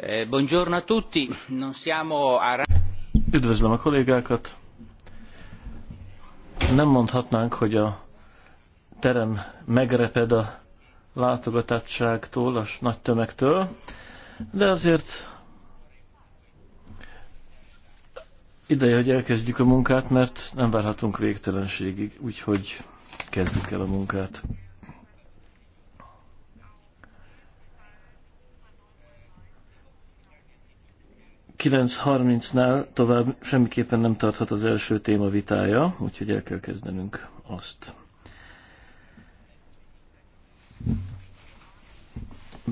Eh, buongiorno a tutti, non siamo a... Üdvözlöm a kollégákat! Nem mondhatnánk, hogy a terem megreped a látogatottságtól, a nagy tömegtől, de azért ideje, hogy elkezdjük a munkát, mert nem várhatunk végtelenségig, úgyhogy kezdjük el a munkát. 9.30-nál tovább semmiképpen nem tarthat az első téma vitája, úgyhogy el kell kezdenünk azt.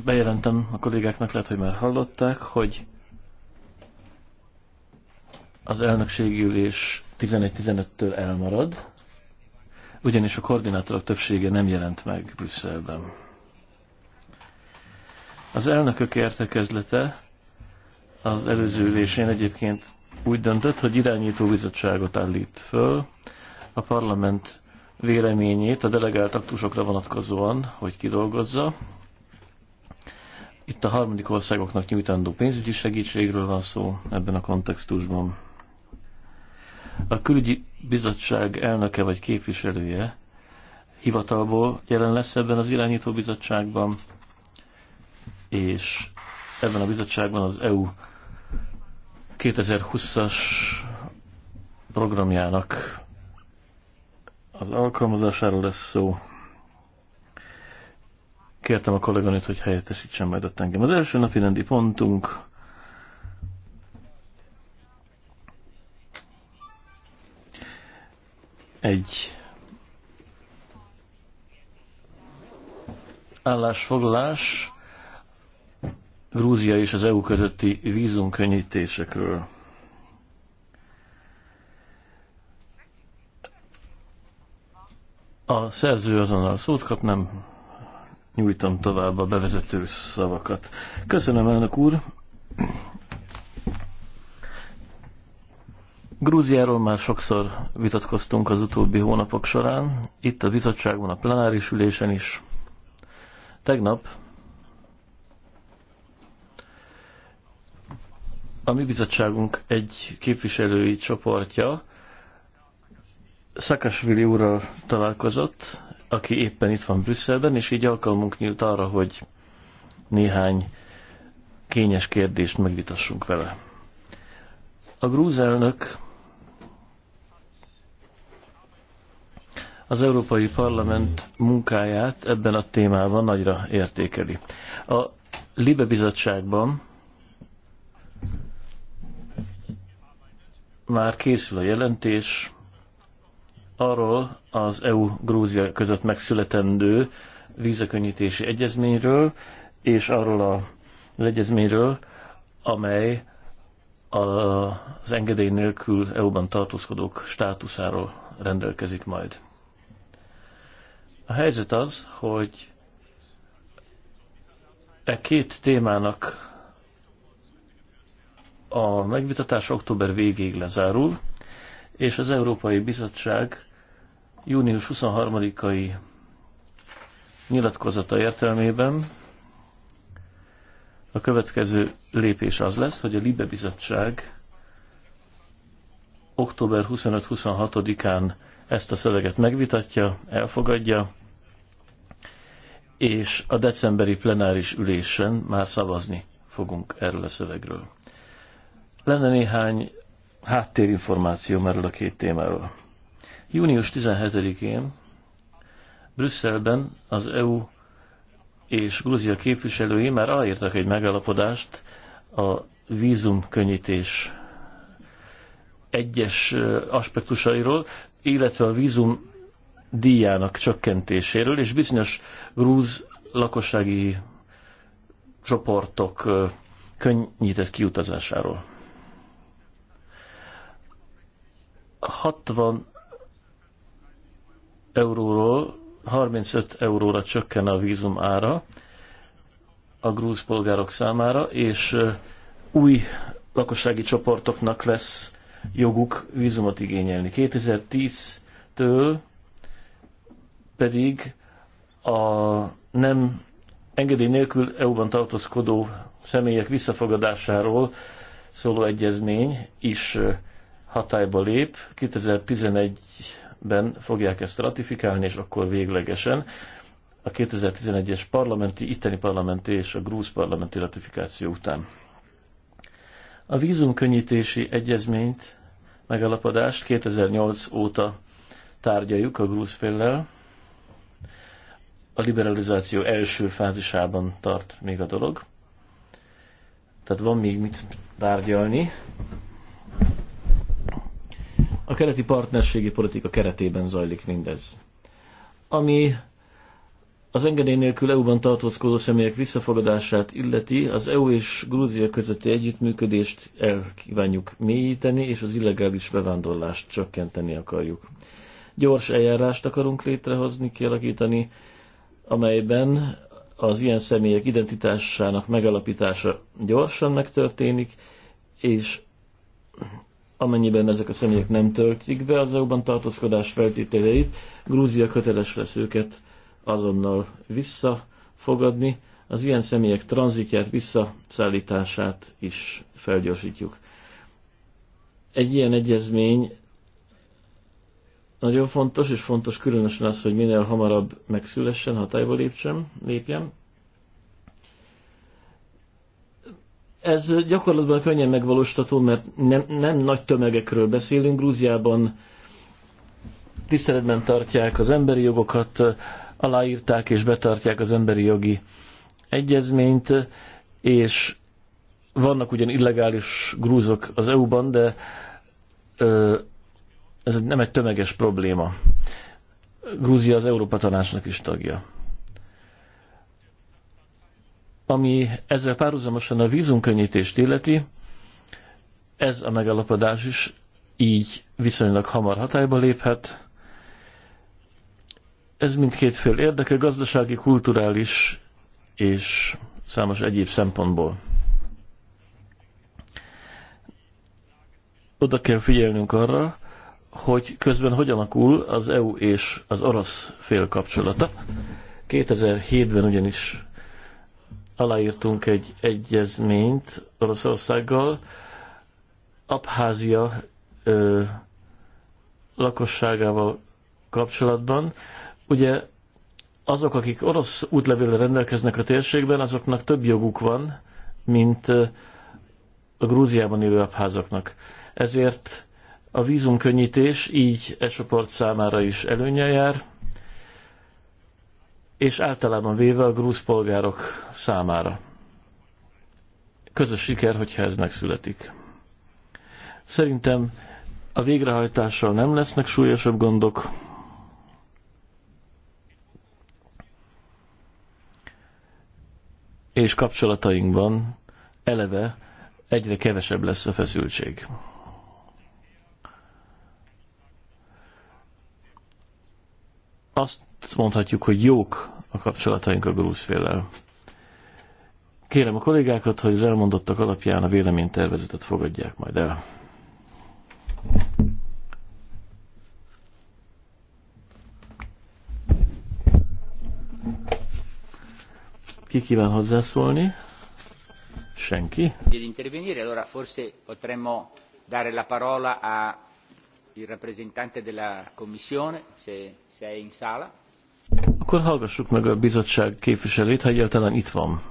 Bejelentem a kollégáknak, lehet, hogy már hallották, hogy az elnökségi ülés 11.15-től elmarad, ugyanis a koordinátorok többsége nem jelent meg Brüsszelben. Az elnökök értekezlete az előző ülésén egyébként úgy döntött, hogy irányító bizottságot állít föl a parlament véleményét a delegált aktusokra vonatkozóan, hogy kidolgozza. Itt a harmadik országoknak nyújtandó pénzügyi segítségről van szó ebben a kontextusban. A külügyi bizottság elnöke vagy képviselője hivatalból jelen lesz ebben az irányító bizottságban, és ebben a bizottságban az EU 2020-as programjának az alkalmazásáról lesz szó. Kértem a kolléganőt, hogy helyettesítsen majd ott engem. Az első napi rendi pontunk egy állásfoglalás Grúzia és az EU közötti vízumkönnyítésekről. A szerző azonnal szót kap, nem nyújtom tovább a bevezető szavakat. Köszönöm, elnök úr! Grúziáról már sokszor vitatkoztunk az utóbbi hónapok során, itt a bizottságban, a plenáris ülésen is. Tegnap a mi bizottságunk egy képviselői csoportja Szakasvili úrral találkozott, aki éppen itt van Brüsszelben, és így alkalmunk nyílt arra, hogy néhány kényes kérdést megvitassunk vele. A grúz elnök az Európai Parlament munkáját ebben a témában nagyra értékeli. A Libe Bizottságban már készül a jelentés arról az EU-Grúzia között megszületendő vízakönnyítési egyezményről, és arról a, az egyezményről, amely a, az engedély nélkül EU-ban tartózkodók státuszáról rendelkezik majd. A helyzet az, hogy e két témának a megvitatás október végéig lezárul, és az Európai Bizottság június 23-ai nyilatkozata értelmében a következő lépés az lesz, hogy a Libe Bizottság október 25-26-án ezt a szöveget megvitatja, elfogadja, és a decemberi plenáris ülésen már szavazni fogunk erről a szövegről. Lenne néhány háttérinformáció erről a két témáról. Június 17-én Brüsszelben az EU és Grúzia képviselői már aláírtak egy megállapodást a vízumkönnyítés egyes aspektusairól, illetve a vízum díjának csökkentéséről, és bizonyos grúz lakossági csoportok könnyített kiutazásáról. 60 euróról 35 euróra csökken a vízum ára a grúz polgárok számára, és új lakossági csoportoknak lesz joguk vízumot igényelni. 2010-től pedig a nem engedély nélkül EU-ban tartózkodó személyek visszafogadásáról szóló egyezmény is hatályba lép, 2011-ben fogják ezt ratifikálni, és akkor véglegesen a 2011-es parlamenti, itteni parlamenti és a grúz parlamenti ratifikáció után. A vízumkönnyítési egyezményt, megalapodást 2008 óta tárgyaljuk a grúz féllel. A liberalizáció első fázisában tart még a dolog. Tehát van még mit tárgyalni. A keleti partnerségi politika keretében zajlik mindez. Ami az engedély nélkül EU-ban tartózkodó személyek visszafogadását illeti, az EU és Grúzia közötti együttműködést el kívánjuk mélyíteni, és az illegális bevándorlást csökkenteni akarjuk. Gyors eljárást akarunk létrehozni, kialakítani, amelyben az ilyen személyek identitásának megalapítása gyorsan megtörténik, és amennyiben ezek a személyek nem töltik be az EU-ban tartózkodás feltételeit, Grúzia köteles lesz őket azonnal visszafogadni, az ilyen személyek tranzitját, visszaszállítását is felgyorsítjuk. Egy ilyen egyezmény nagyon fontos, és fontos különösen az, hogy minél hamarabb megszülessen, hatályba lépjen, Ez gyakorlatban könnyen megvalósítható, mert nem, nem nagy tömegekről beszélünk. Grúziában tiszteletben tartják az emberi jogokat, aláírták és betartják az emberi jogi egyezményt, és vannak ugyan illegális grúzok az EU-ban, de ez nem egy tömeges probléma. Grúzia az Európa Tanácsnak is tagja. Ami ezzel párhuzamosan a vízunkönnyítést illeti, ez a megállapodás is így viszonylag hamar hatályba léphet. Ez mindkét fél érdeke, gazdasági, kulturális és számos egyéb szempontból. Oda kell figyelnünk arra, hogy közben hogyan alakul az EU és az orosz fél kapcsolata. 2007-ben ugyanis aláírtunk egy egyezményt Oroszországgal. Abházia ö, lakosságával kapcsolatban. Ugye azok, akik orosz útlevélre rendelkeznek a térségben, azoknak több joguk van, mint a Grúziában élő abházaknak. Ezért a vízumkönnyítés így e csoport számára is előnye jár, és általában véve a grúz polgárok számára. Közös siker, hogyha ez megszületik. Szerintem a végrehajtással nem lesznek súlyosabb gondok. És kapcsolatainkban eleve egyre kevesebb lesz a feszültség. Azt mondhatjuk, hogy jók a kapcsolataink a grúzféllel. Kérem a kollégákat, hogy az elmondottak alapján a véleménytervezetet fogadják majd el. Ki kíván hozzászólni? Senki. Di intervenire, allora forse potremmo dare la parola a il rappresentante della Commissione, se, se è in sala. Akkor hallgassuk meg a bizottság képviselőt, ha egyáltalán itt van.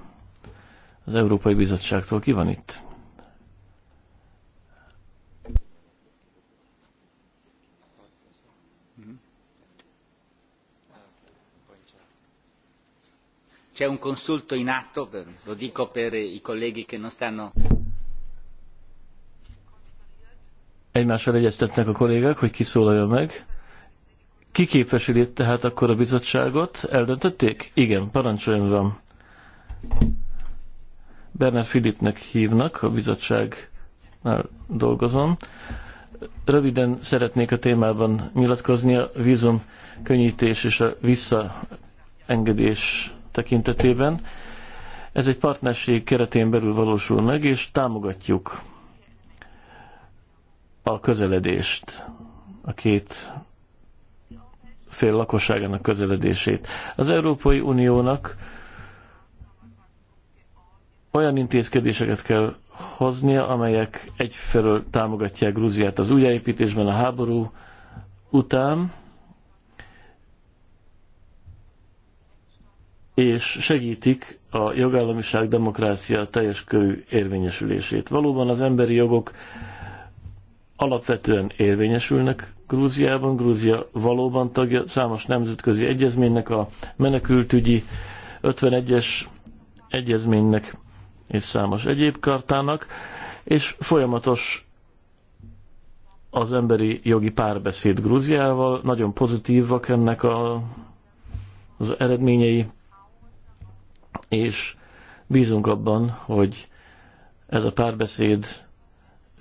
Az Európai Bizottságtól ki van itt? C'è un consulto in atto, lo dico per i colleghi che non stanno... Egymással egyeztetnek a kollégák, hogy kiszólaljon meg. Ki képviseli tehát akkor a bizottságot? Eldöntötték? Igen, parancsoljon van. Bernard Filipnek hívnak, a bizottságnál dolgozom. Röviden szeretnék a témában nyilatkozni a vízum könnyítés és a visszaengedés tekintetében. Ez egy partnerség keretén belül valósul meg, és támogatjuk a közeledést a két fél lakosságának közeledését. Az Európai Uniónak olyan intézkedéseket kell hoznia, amelyek egyfelől támogatják Grúziát az újjáépítésben a háború után, és segítik a jogállamiság demokrácia teljes körű érvényesülését. Valóban az emberi jogok alapvetően érvényesülnek Grúziában. Grúzia valóban tagja számos nemzetközi egyezménynek, a menekültügyi 51-es egyezménynek és számos egyéb kartának, és folyamatos az emberi jogi párbeszéd Grúziával, nagyon pozitívak ennek a, az eredményei, és bízunk abban, hogy ez a párbeszéd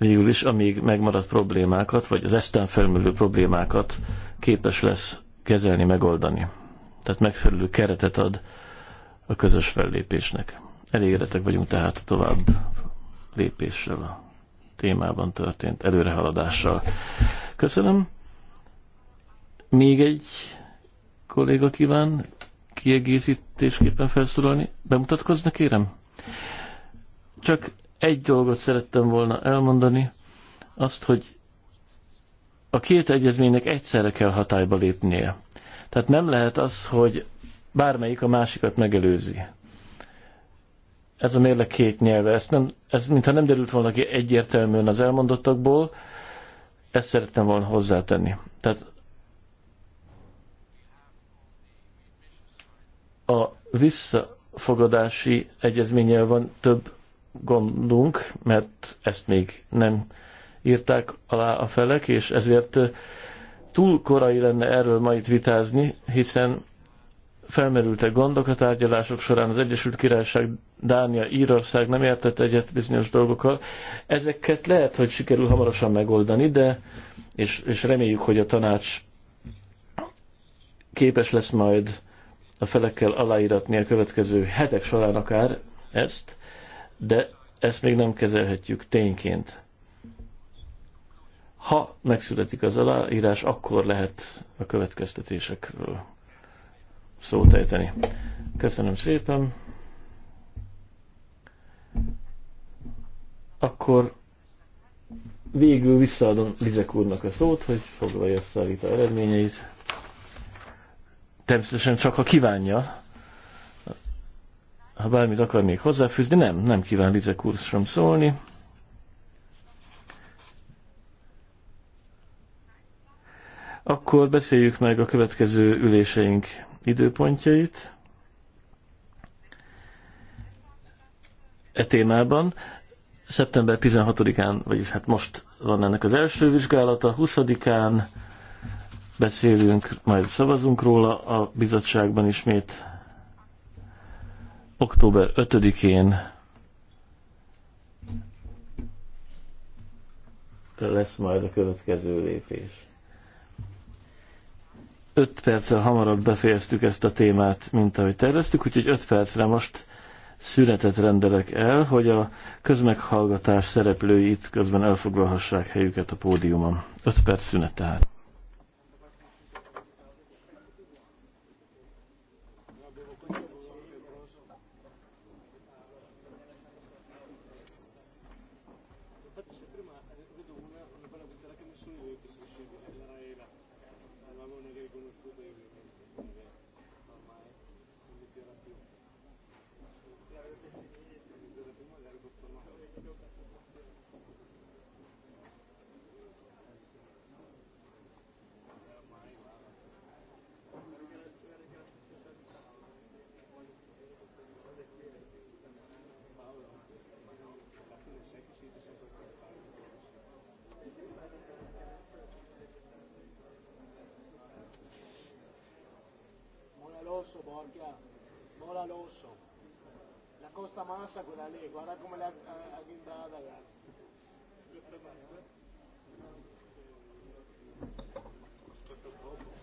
végül is amíg megmaradt problémákat, vagy az eszten felmülő problémákat képes lesz kezelni, megoldani. Tehát megfelelő keretet ad a közös fellépésnek. Elégedettek vagyunk tehát a tovább lépéssel a témában történt előrehaladással. Köszönöm. Még egy kolléga kíván kiegészítésképpen felszólalni. Bemutatkozna, kérem? Csak egy dolgot szerettem volna elmondani, azt, hogy a két egyezménynek egyszerre kell hatályba lépnie. Tehát nem lehet az, hogy bármelyik a másikat megelőzi. Ez a mérleg két nyelve. Ez, nem, ez mintha nem derült volna ki egyértelműen az elmondottakból, ezt szerettem volna hozzátenni. Tehát a visszafogadási egyezménnyel van több gondunk, mert ezt még nem írták alá a felek, és ezért túl korai lenne erről ma itt vitázni, hiszen felmerültek gondok a tárgyalások során, az Egyesült Királyság, Dánia, Írország nem értett egyet bizonyos dolgokkal. Ezeket lehet, hogy sikerül hamarosan megoldani, de és, és reméljük, hogy a tanács képes lesz majd a felekkel aláíratni a következő hetek során akár ezt, de ezt még nem kezelhetjük tényként. Ha megszületik az aláírás, akkor lehet a következtetésekről szót ejteni. Köszönöm szépen. Akkor végül visszaadom Lizek úrnak a szót, hogy foglalja össze a vita eredményeit. Természetesen csak, ha kívánja ha bármit akar még hozzáfűzni, nem, nem kíván Lize úr szólni. Akkor beszéljük meg a következő üléseink időpontjait. E témában szeptember 16-án, vagyis hát most van ennek az első vizsgálata, 20-án beszélünk, majd szavazunk róla a bizottságban ismét október 5-én lesz majd a következő lépés. 5 perccel hamarabb befejeztük ezt a témát, mint ahogy terveztük, úgyhogy 5 percre most szünetet rendelek el, hogy a közmeghallgatás szereplői itt közben elfoglalhassák helyüket a pódiumon. 5 perc szünet tehát. oso Borgia, mola rosso. La costa massa quella lì, guarda come l'ha agghindata, Questa massa. Eh?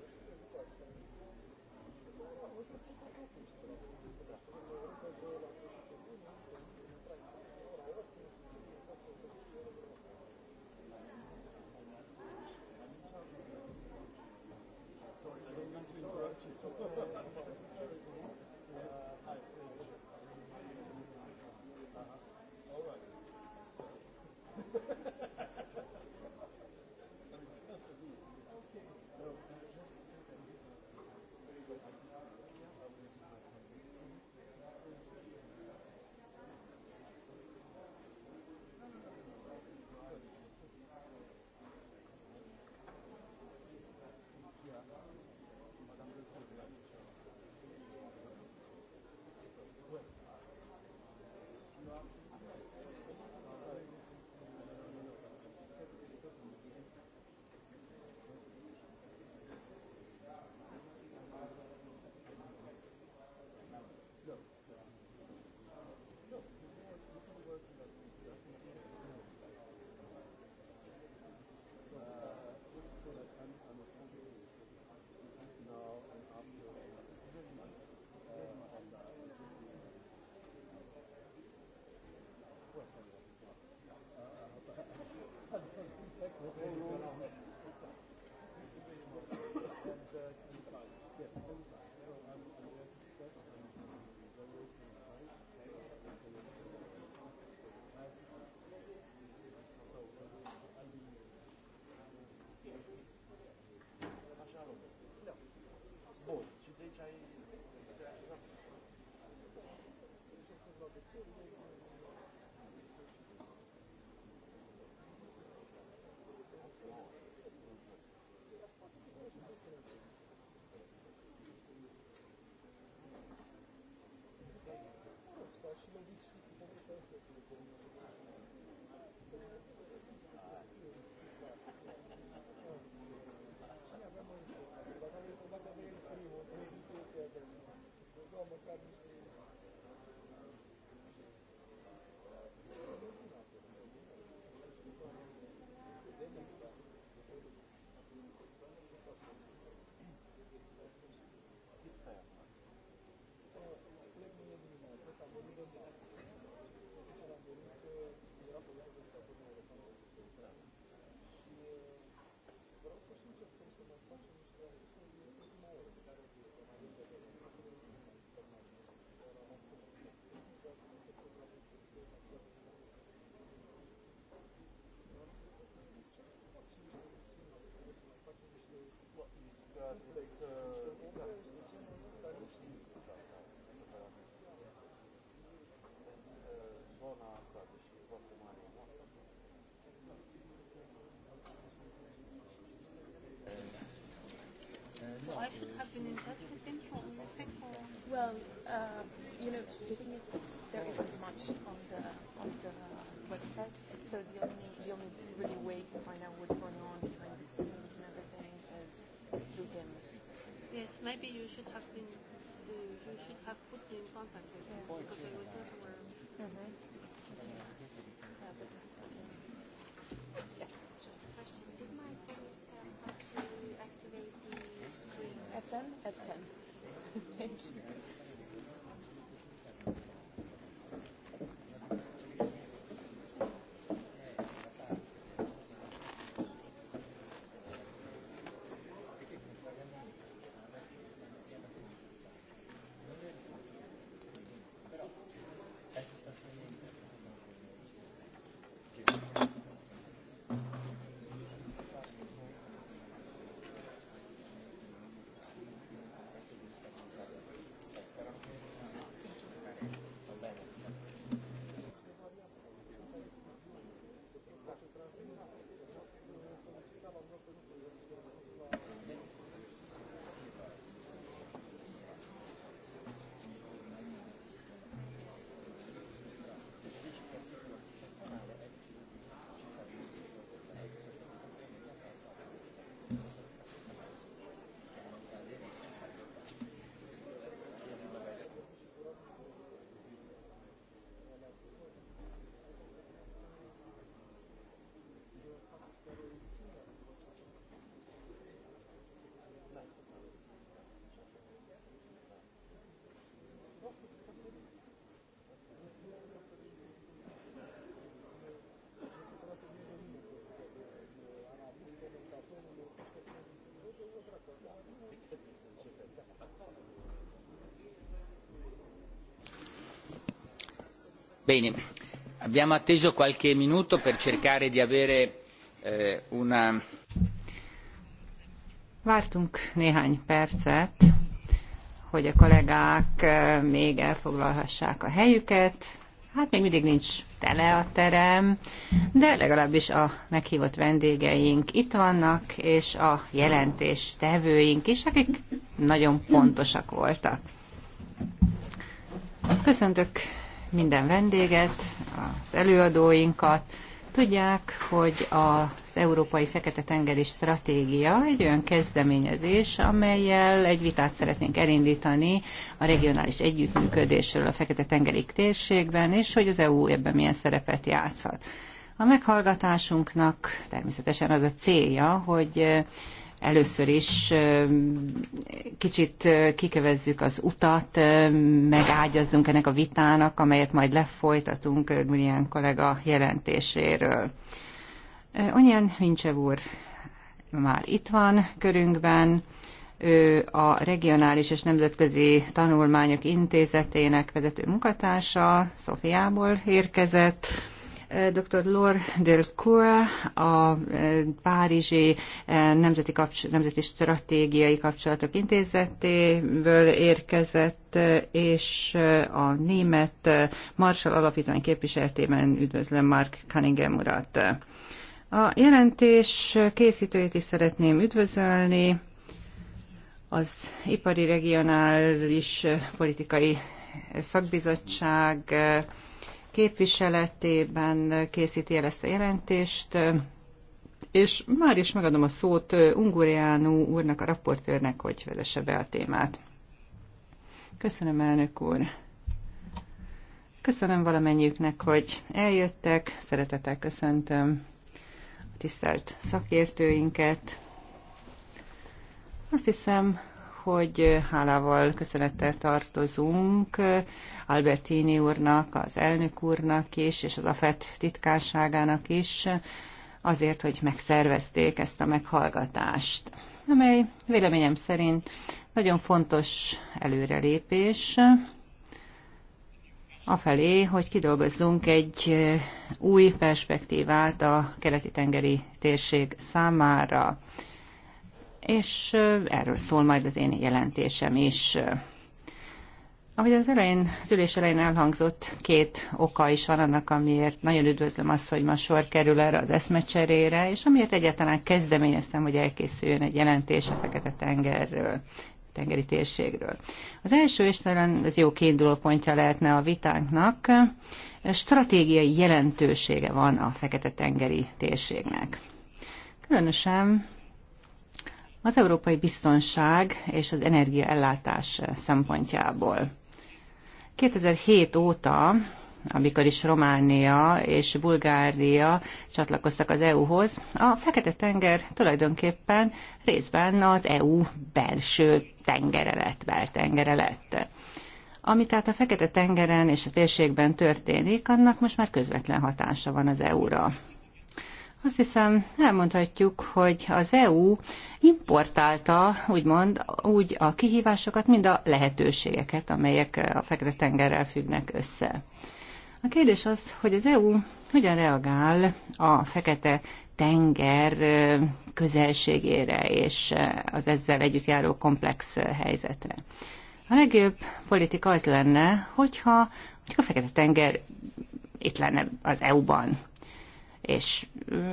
Продолжение следует... Gracias. Просто что-то просто should have been in touch with him for the effect or... Well, uh, you know, the thing is that there isn't much on the, on the website, so the only, the only really way to find out what's going on behind the scenes and everything is through him. Yes, maybe you should have been, uh, you should have put me in contact with him, yeah. because I was not aware. Mm-hmm. Yeah, but Thank you. Bene, abbiamo atteso qualche minuto per cercare di avere eh, una. Vártunk néhány percet, hogy a kollégák eh, még elfoglalhassák a helyüket. Hát még mindig nincs tele a terem, de legalábbis a meghívott vendégeink itt vannak, és a jelentés tevőink is, akik nagyon pontosak voltak. Köszöntök minden vendéget, az előadóinkat. Tudják, hogy az Európai Fekete-tengeri Stratégia egy olyan kezdeményezés, amelyel egy vitát szeretnénk elindítani a regionális együttműködésről a Fekete-tengeri térségben, és hogy az EU ebben milyen szerepet játszhat. A meghallgatásunknak természetesen az a célja, hogy először is kicsit kikövezzük az utat, megágyazzunk ennek a vitának, amelyet majd lefolytatunk Gulián kollega jelentéséről. Onyan Hincsev úr már itt van körünkben, ő a Regionális és Nemzetközi Tanulmányok Intézetének vezető munkatársa, Szofiából érkezett, Dr. Lor del Delcourt, a e, Párizsi e, Nemzeti, Kapcs- Nemzeti Stratégiai Kapcsolatok Intézetéből érkezett, e, és a német Marshall Alapítvány képviseletében üdvözlöm Mark Cunningham urat. A jelentés készítőjét is szeretném üdvözölni, az Ipari Regionális Politikai Szakbizottság képviseletében készíti el ezt a jelentést, és már is megadom a szót Unguriánú úrnak, a raportőrnek, hogy vezesse be a témát. Köszönöm, elnök úr! Köszönöm valamennyiüknek, hogy eljöttek, szeretettel köszöntöm a tisztelt szakértőinket. Azt hiszem, hogy hálával köszönettel tartozunk Albertini úrnak, az elnök úrnak is, és az AFET titkárságának is, azért, hogy megszervezték ezt a meghallgatást, amely véleményem szerint nagyon fontos előrelépés, afelé, hogy kidolgozzunk egy új perspektívát a keleti-tengeri térség számára és erről szól majd az én jelentésem is. Ahogy az elején, az ülés elején elhangzott, két oka is van annak, amiért nagyon üdvözlöm azt, hogy ma sor kerül erre az eszmecserére, és amiért egyáltalán kezdeményeztem, hogy elkészüljön egy jelentés a Fekete-tengerről tengeri térségről. Az első, és talán ez jó kiinduló pontja lehetne a vitánknak, stratégiai jelentősége van a Fekete-tengeri térségnek. Különösen az európai biztonság és az energiaellátás szempontjából. 2007 óta amikor is Románia és Bulgária csatlakoztak az EU-hoz, a Fekete-tenger tulajdonképpen részben az EU belső tengere lett, beltengere lett. Ami tehát a Fekete-tengeren és a térségben történik, annak most már közvetlen hatása van az EU-ra. Azt hiszem, elmondhatjuk, hogy az EU importálta, úgymond, úgy a kihívásokat, mind a lehetőségeket, amelyek a Fekete-tengerrel függnek össze. A kérdés az, hogy az EU hogyan reagál a fekete tenger közelségére és az ezzel együtt járó komplex helyzetre. A legjobb politika az lenne, hogyha, hogyha a fekete tenger itt lenne az EU-ban és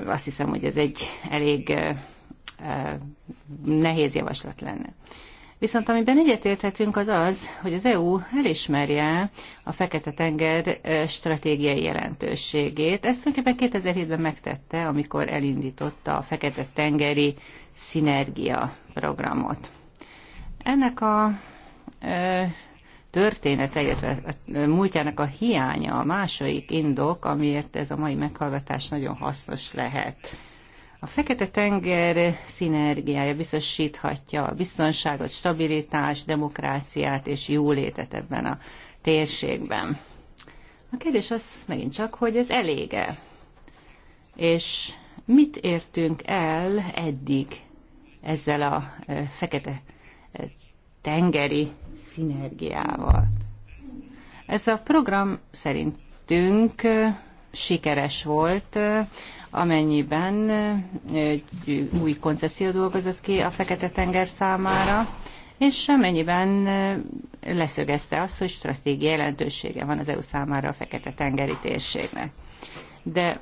azt hiszem, hogy ez egy elég nehéz javaslat lenne. Viszont amiben egyetérthetünk az az, hogy az EU elismerje a Fekete-tenger stratégiai jelentőségét. Ezt tulajdonképpen 2007-ben megtette, amikor elindította a Fekete-tengeri szinergia programot. Ennek a története, illetve a múltjának a hiánya a második indok, amiért ez a mai meghallgatás nagyon hasznos lehet. A Fekete-tenger szinergiája biztosíthatja a biztonságot, stabilitást, demokráciát és jólétet ebben a térségben. A kérdés az megint csak, hogy ez elége. És mit értünk el eddig ezzel a e, fekete e, tengeri szinergiával. Ez a program szerintünk sikeres volt, amennyiben egy új koncepció dolgozott ki a Fekete-tenger számára, és amennyiben leszögezte azt, hogy stratégiai jelentősége van az EU számára a Fekete-tengeri térségnek. De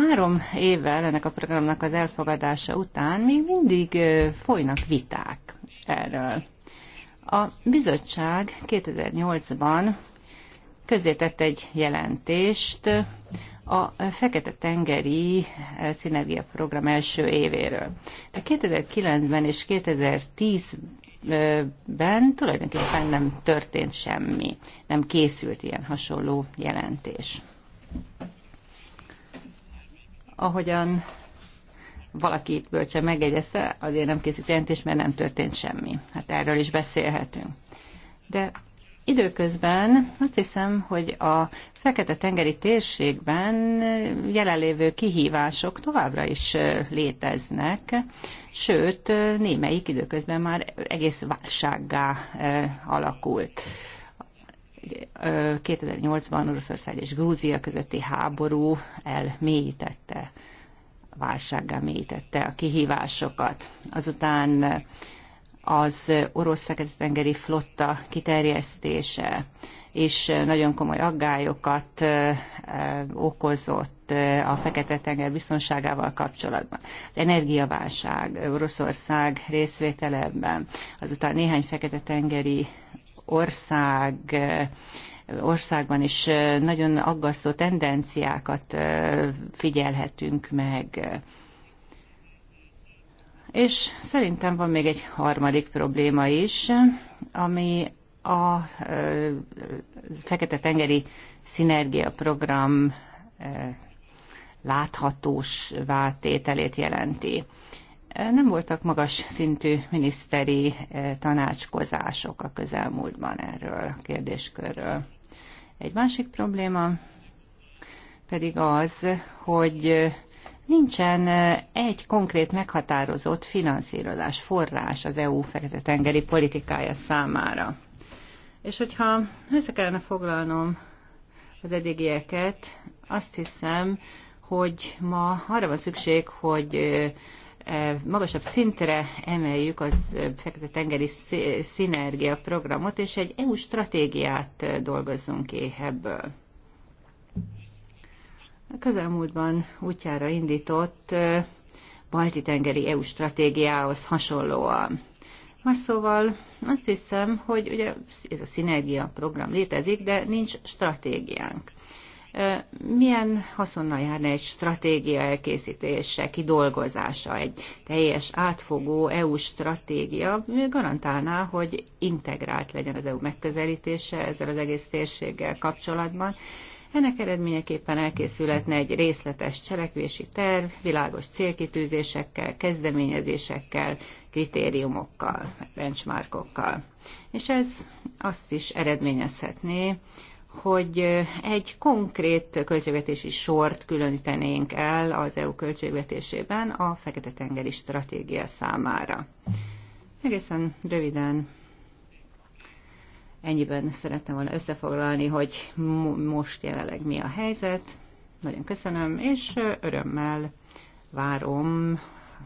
három évvel ennek a programnak az elfogadása után még mindig folynak viták erről. A bizottság 2008-ban közzétett egy jelentést a Fekete-tengeri Szinergia Program első évéről. De 2009-ben és 2010-ben tulajdonképpen nem történt semmi, nem készült ilyen hasonló jelentés. Ahogyan valaki itt bölcsen azért nem készít jelentés, mert nem történt semmi. Hát erről is beszélhetünk. De Időközben azt hiszem, hogy a Fekete-tengeri térségben jelenlévő kihívások továbbra is léteznek, sőt, némelyik időközben már egész válsággá alakult. 2008-ban Oroszország és Grúzia közötti háború elmélyítette válsággá mélyítette a kihívásokat. Azután az orosz fekete-tengeri flotta kiterjesztése és nagyon komoly aggályokat okozott a Fekete-tenger biztonságával kapcsolatban. Az energiaválság, Oroszország részvételeben, azután néhány Fekete-tengeri ország országban is nagyon aggasztó tendenciákat figyelhetünk meg. És szerintem van még egy harmadik probléma is, ami a Fekete-tengeri Szinergia Program láthatós váltételét jelenti. Nem voltak magas szintű miniszteri tanácskozások a közelmúltban erről a kérdéskörről. Egy másik probléma pedig az, hogy nincsen egy konkrét meghatározott finanszírozás forrás az EU fekete-tengeri politikája számára. És hogyha össze kellene foglalnom az eddigieket, azt hiszem, hogy ma arra van szükség, hogy E, magasabb szintre emeljük az e, Fekete-tengeri szinergia programot, és egy EU stratégiát e, dolgozzunk ki ebből. A közelmúltban útjára indított balti-tengeri EU stratégiához hasonlóan. Más szóval azt hiszem, hogy ugye ez a szinergia program létezik, de nincs stratégiánk milyen haszonnal járna egy stratégia elkészítése, kidolgozása, egy teljes átfogó EU stratégia garantálná, hogy integrált legyen az EU megközelítése ezzel az egész térséggel kapcsolatban, ennek eredményeképpen elkészülhetne egy részletes cselekvési terv, világos célkitűzésekkel, kezdeményezésekkel, kritériumokkal, benchmarkokkal. És ez azt is eredményezhetné, hogy egy konkrét költségvetési sort különítenénk el az EU költségvetésében a Fekete-tengeri stratégia számára. Egészen röviden ennyiben szerettem volna összefoglalni, hogy most jelenleg mi a helyzet. Nagyon köszönöm, és örömmel várom,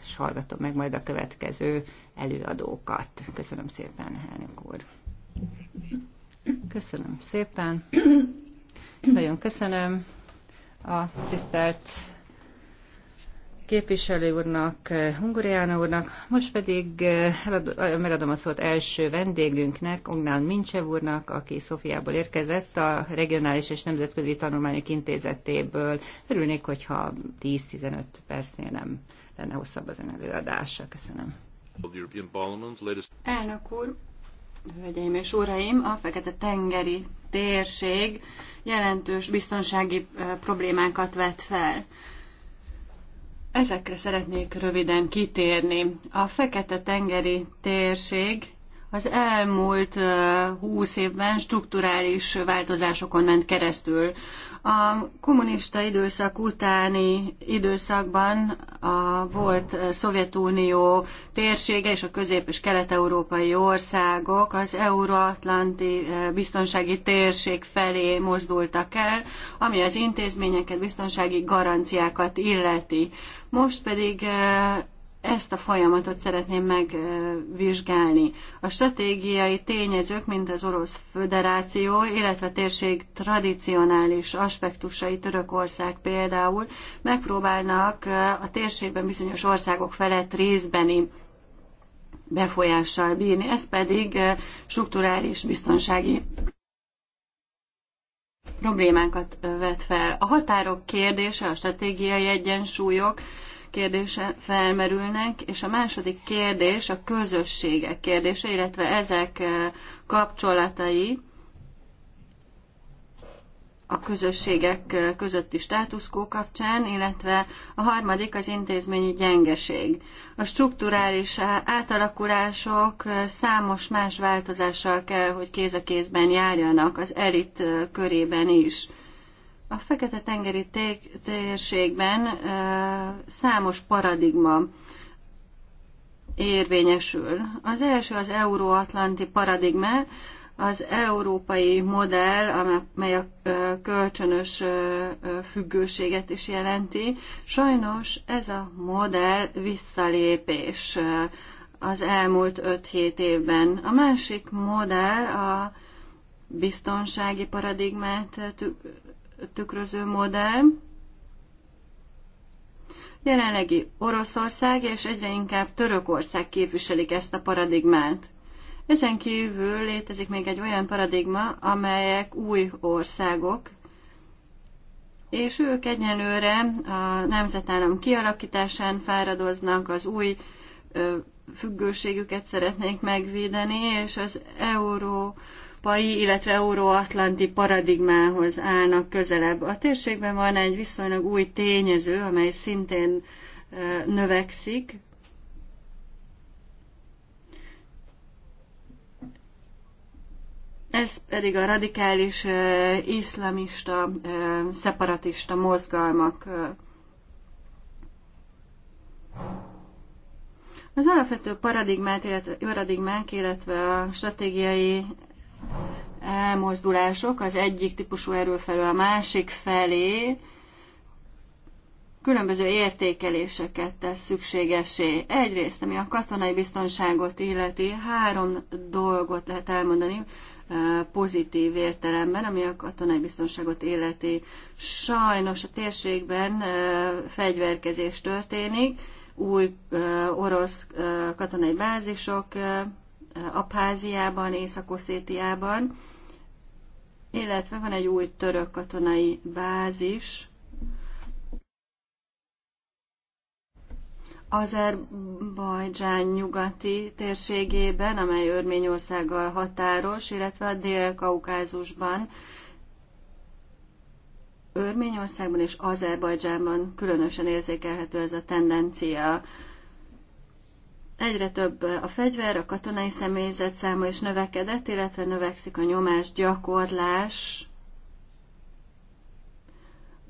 és hallgatom meg majd a következő előadókat. Köszönöm szépen, elnök úr. Köszönöm szépen. Nagyon köszönöm a tisztelt képviselő úrnak, Hungoriána úrnak, most pedig eh, eh, megadom a szót első vendégünknek, Ognál Mincsev úrnak, aki Szofiából érkezett a Regionális és Nemzetközi Tanulmányok Intézetéből. Örülnék, hogyha 10-15 percnél nem lenne hosszabb az ön előadása. Köszönöm. Elnök úr, Hölgyeim és uraim, a Fekete-tengeri térség jelentős biztonsági problémákat vet fel. Ezekre szeretnék röviden kitérni. A Fekete-tengeri térség az elmúlt húsz évben strukturális változásokon ment keresztül. A kommunista időszak utáni időszakban a volt Szovjetunió térsége és a közép- és kelet-európai országok az euróatlanti eh, biztonsági térség felé mozdultak el, ami az intézményeket, biztonsági garanciákat illeti. Most pedig eh, ezt a folyamatot szeretném megvizsgálni. A stratégiai tényezők, mint az Orosz Föderáció, illetve a térség tradicionális aspektusai, Törökország például, megpróbálnak a térségben bizonyos országok felett részbeni befolyással bírni. Ez pedig eh, strukturális biztonsági problémákat eh, vet fel. A határok kérdése, a stratégiai egyensúlyok, kérdése felmerülnek, és a második kérdés a közösségek kérdése, illetve ezek eh, kapcsolatai a közösségek eh, közötti státuszkó kapcsán, illetve a harmadik az intézményi gyengeség. A strukturális átalakulások eh, számos más változással kell, hogy kéz a kézben járjanak az elit körében is. A Fekete-tengeri térségben számos paradigma érvényesül. Az első az euróatlanti paradigma, az európai modell, amely a kölcsönös függőséget is jelenti. Sajnos ez a modell visszalépés az elmúlt 5-7 évben. A másik modell a biztonsági paradigmát tükröző modell. Jelenlegi Oroszország és egyre inkább Törökország képviselik ezt a paradigmát. Ezen kívül létezik még egy olyan paradigma, amelyek új országok, és ők egyenlőre a nemzetállam kialakításán fáradoznak, az új függőségüket szeretnék megvédeni, és az euró európai, illetve euróatlanti paradigmához állnak közelebb. A térségben van egy viszonylag új tényező, amely szintén növekszik, Ez pedig a radikális iszlamista, szeparatista mozgalmak. Az alapvető paradigmát, illetve, paradigmák, illetve a stratégiai elmozdulások az egyik típusú erő felől a másik felé különböző értékeléseket tesz szükségesé. Egyrészt, ami a katonai biztonságot illeti, három dolgot lehet elmondani pozitív értelemben, ami a katonai biztonságot illeti. Sajnos a térségben fegyverkezés történik, új orosz katonai bázisok Abháziában, Észak-Oszétiában, illetve van egy új török katonai bázis, Azerbajdzsán nyugati térségében, amely Örményországgal határos, illetve a Dél-Kaukázusban, Örményországban és Azerbajdzsánban különösen érzékelhető ez a tendencia. Egyre több a fegyver, a katonai személyzet száma is növekedett, illetve növekszik a nyomás gyakorlás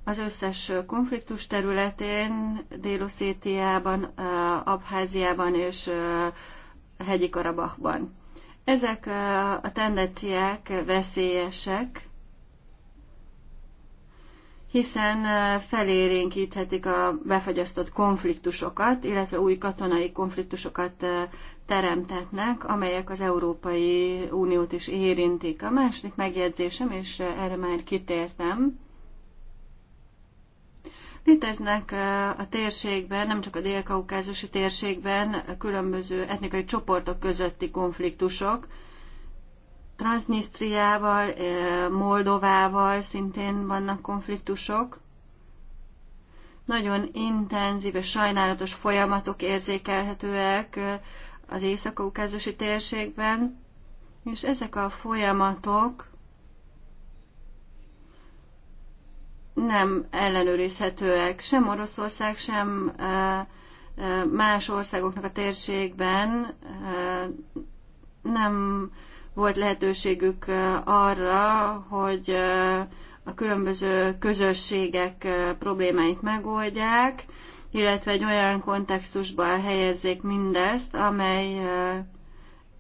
az összes konfliktus területén, dél Abháziában és Hegyi Karabachban. Ezek a tendenciák veszélyesek, hiszen felérénkíthetik a befagyasztott konfliktusokat, illetve új katonai konfliktusokat teremtetnek, amelyek az Európai Uniót is érintik. A második megjegyzésem, és erre már kitértem, Léteznek a térségben, nem csak a dél-kaukázusi térségben, a különböző etnikai csoportok közötti konfliktusok, Transnistriával, Moldovával szintén vannak konfliktusok. Nagyon intenzív és sajnálatos folyamatok érzékelhetőek az észak-kaukázusi térségben, és ezek a folyamatok nem ellenőrizhetőek sem Oroszország, sem más országoknak a térségben nem volt lehetőségük arra, hogy a különböző közösségek problémáit megoldják, illetve egy olyan kontextusba helyezzék mindezt, amely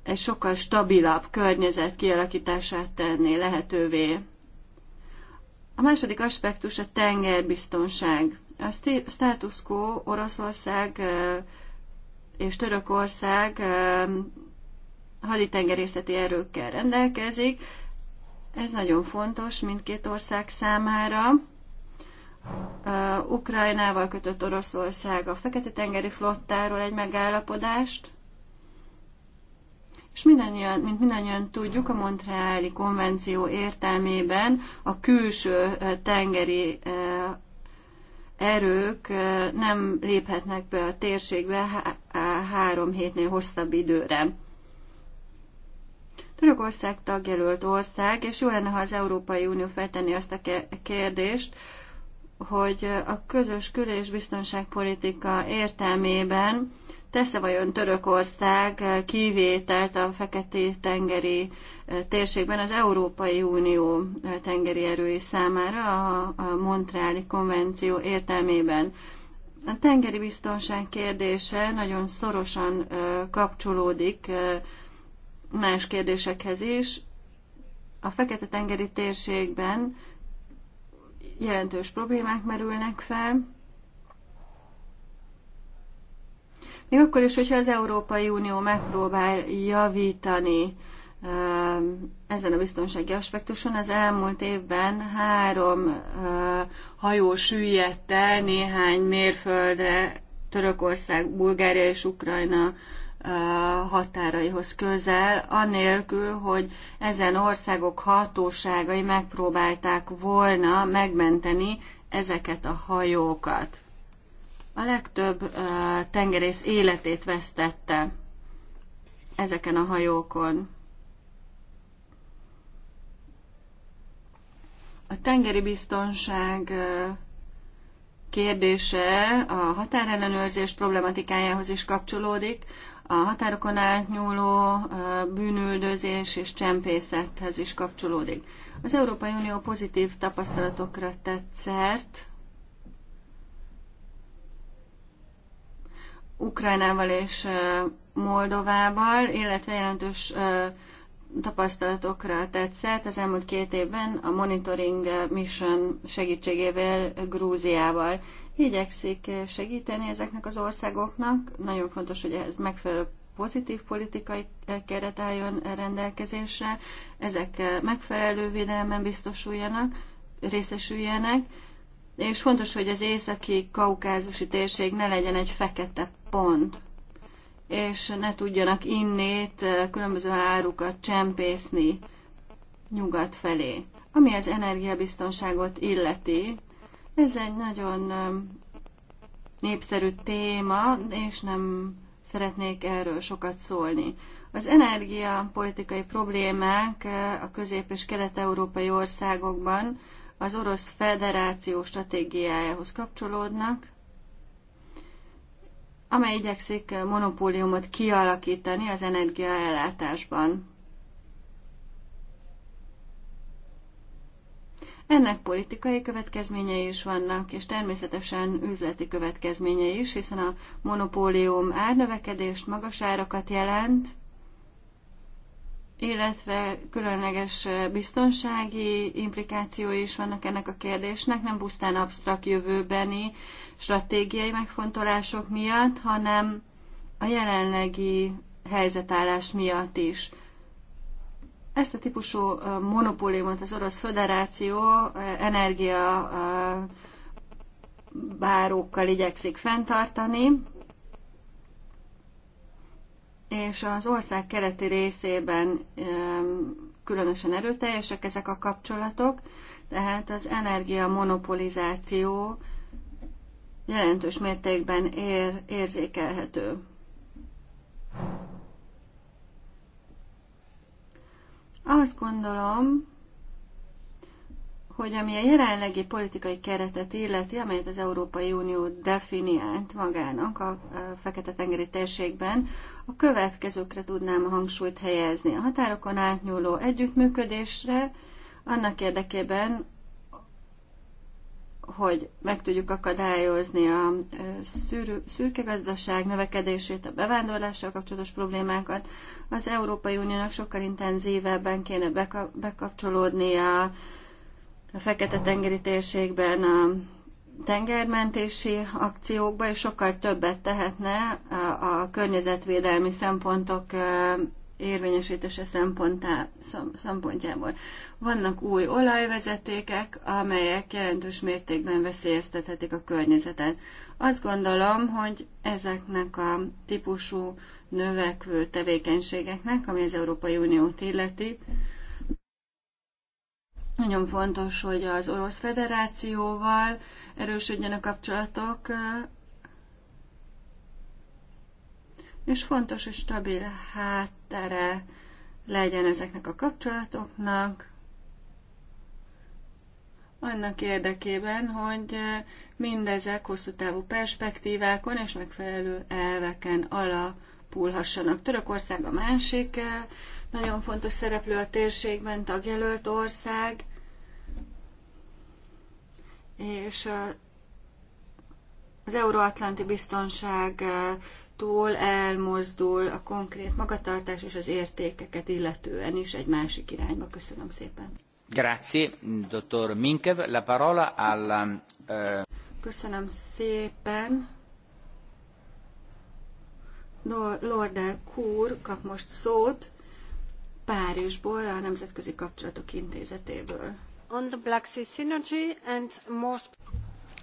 egy sokkal stabilabb környezet kialakítását tenné lehetővé. A második aspektus a tengerbiztonság. A status quo Oroszország és Törökország haditengerészeti erőkkel rendelkezik. Ez nagyon fontos mindkét ország számára. Uh, Ukrajnával kötött Oroszország a Fekete-tengeri flottáról egy megállapodást, és mindannyian, mint mindannyian tudjuk, a Montreáli konvenció értelmében a külső tengeri erők nem léphetnek be a térségbe három hétnél hosszabb időre. Törökország tagjelölt ország, és jó lenne, ha az Európai Unió feltenni azt a kérdést, hogy a közös kül- és biztonságpolitika értelmében tesz-e vajon Törökország kivételt a Fekete-tengeri térségben az Európai Unió tengeri erői számára a Montreali konvenció értelmében. A tengeri biztonság kérdése nagyon szorosan kapcsolódik más kérdésekhez is. A Fekete-tengeri térségben jelentős problémák merülnek fel. Még akkor is, hogyha az Európai Unió megpróbál javítani ezen a biztonsági aspektuson, az elmúlt évben három hajó süllyedt el néhány mérföldre Törökország, Bulgária és Ukrajna határaihoz közel, anélkül, hogy ezen országok hatóságai megpróbálták volna megmenteni ezeket a hajókat. A legtöbb tengerész életét vesztette ezeken a hajókon. A tengeri biztonság kérdése a határellenőrzés problematikájához is kapcsolódik a határokon átnyúló bűnüldözés és csempészethez is kapcsolódik. Az Európai Unió pozitív tapasztalatokra tett szert, Ukrajnával és Moldovával, illetve jelentős tapasztalatokra tett szert az elmúlt két évben a Monitoring Mission segítségével Grúziával igyekszik eh, segíteni ezeknek az országoknak. Nagyon fontos, hogy ez megfelelő pozitív politikai eh, keret álljon rendelkezésre, ezek eh, megfelelő védelemben biztosuljanak, részesüljenek, és fontos, hogy az északi kaukázusi térség ne legyen egy fekete pont, és ne tudjanak innét különböző árukat csempészni nyugat felé. Ami az energiabiztonságot illeti, ez egy nagyon népszerű téma, és nem szeretnék erről sokat szólni. Az energiapolitikai problémák eh, a közép- és kelet-európai országokban az Orosz Federáció stratégiájához kapcsolódnak, amely igyekszik eh, monopóliumot kialakítani az energiaellátásban. Ennek politikai következményei is vannak, és természetesen üzleti következményei is, hiszen a monopólium árnövekedést, magas árakat jelent, illetve különleges biztonsági implikációi is vannak ennek a kérdésnek, nem pusztán absztrakt jövőbeni stratégiai megfontolások miatt, hanem a jelenlegi helyzetállás miatt is. Ezt a típusú monopóliumot az Orosz Föderáció energia bárókkal igyekszik fenntartani, és az ország keleti részében különösen erőteljesek ezek a kapcsolatok, tehát az energia monopolizáció jelentős mértékben ér, érzékelhető. Azt gondolom, hogy ami a jelenlegi politikai keretet illeti, amelyet az Európai Unió definiált magának a Fekete-tengeri térségben, a következőkre tudnám a hangsúlyt helyezni. A határokon átnyúló együttműködésre, annak érdekében, hogy meg tudjuk akadályozni a szűr, szürke gazdaság növekedését, a bevándorlással kapcsolatos problémákat. Az Európai Uniónak sokkal intenzívebben kéne bekapcsolódnia a Fekete-tengeri térségben a tengermentési akciókba, és sokkal többet tehetne a környezetvédelmi szempontok érvényesítése szempontjából. Vannak új olajvezetékek, amelyek jelentős mértékben veszélyeztethetik a környezetet. Azt gondolom, hogy ezeknek a típusú növekvő tevékenységeknek, ami az Európai Uniót illeti, nagyon fontos, hogy az Orosz Federációval erősödjön a kapcsolatok, és fontos, hogy stabil háttere legyen ezeknek a kapcsolatoknak, annak érdekében, hogy mindezek hosszú távú perspektívákon és megfelelő elveken alapulhassanak. Törökország a másik eh, nagyon fontos szereplő a térségben, tagjelölt ország, és eh, az euróatlanti biztonság eh, tól elmozdul a konkrét magatartás és az értékeket illetően is egy másik irányba. Köszönöm szépen. Grazie, dottor Minkev. La parola alla... Uh... Köszönöm szépen. Lordel Kúr kap most szót Párizsból, a Nemzetközi Kapcsolatok Intézetéből. On the Black Sea Synergy and most...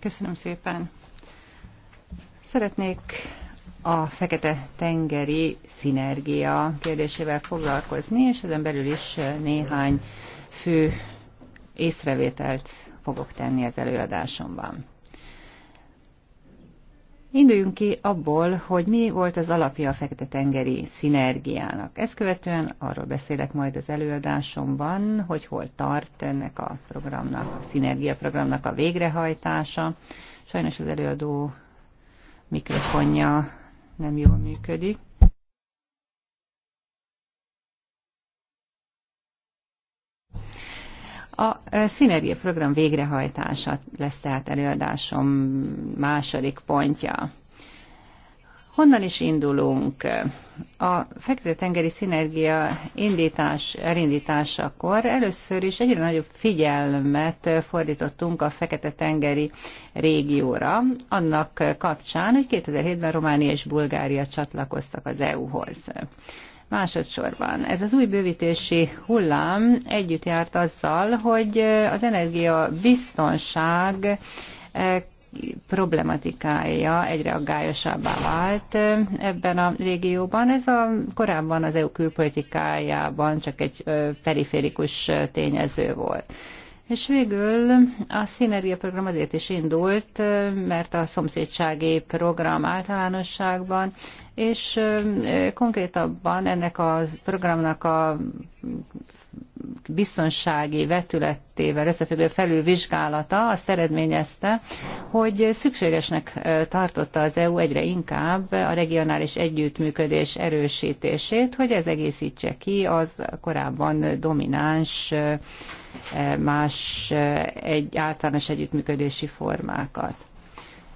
Köszönöm szépen. Szeretnék a Fekete-tengeri szinergia kérdésével foglalkozni, és ezen belül is néhány fő észrevételt fogok tenni az előadásomban. Induljunk ki abból, hogy mi volt az alapja a Fekete-tengeri szinergiának. Ezt követően arról beszélek majd az előadásomban, hogy hol tart ennek a programnak, a programnak a végrehajtása. Sajnos az előadó mikrofonja nem jól működik. A Szinergia program végrehajtása lesz tehát előadásom második pontja. Honnan is indulunk? A fekvő-tengeri szinergia indítás, elindításakor először is egyre nagyobb figyelmet fordítottunk a fekete-tengeri régióra, annak kapcsán, hogy 2007-ben Románia és Bulgária csatlakoztak az EU-hoz. Másodszorban ez az új bővítési hullám együtt járt azzal, hogy az energia biztonság problematikája egyre aggályosabbá vált ebben a régióban. Ez a korábban az EU külpolitikájában csak egy periférikus tényező volt. És végül a Szinergia program azért is indult, mert a szomszédsági program általánosságban, és konkrétabban ennek a programnak a biztonsági vetületével összefüggő felülvizsgálata azt eredményezte, hogy szükségesnek tartotta az EU egyre inkább a regionális együttműködés erősítését, hogy ez egészítse ki az korábban domináns más egy általános együttműködési formákat.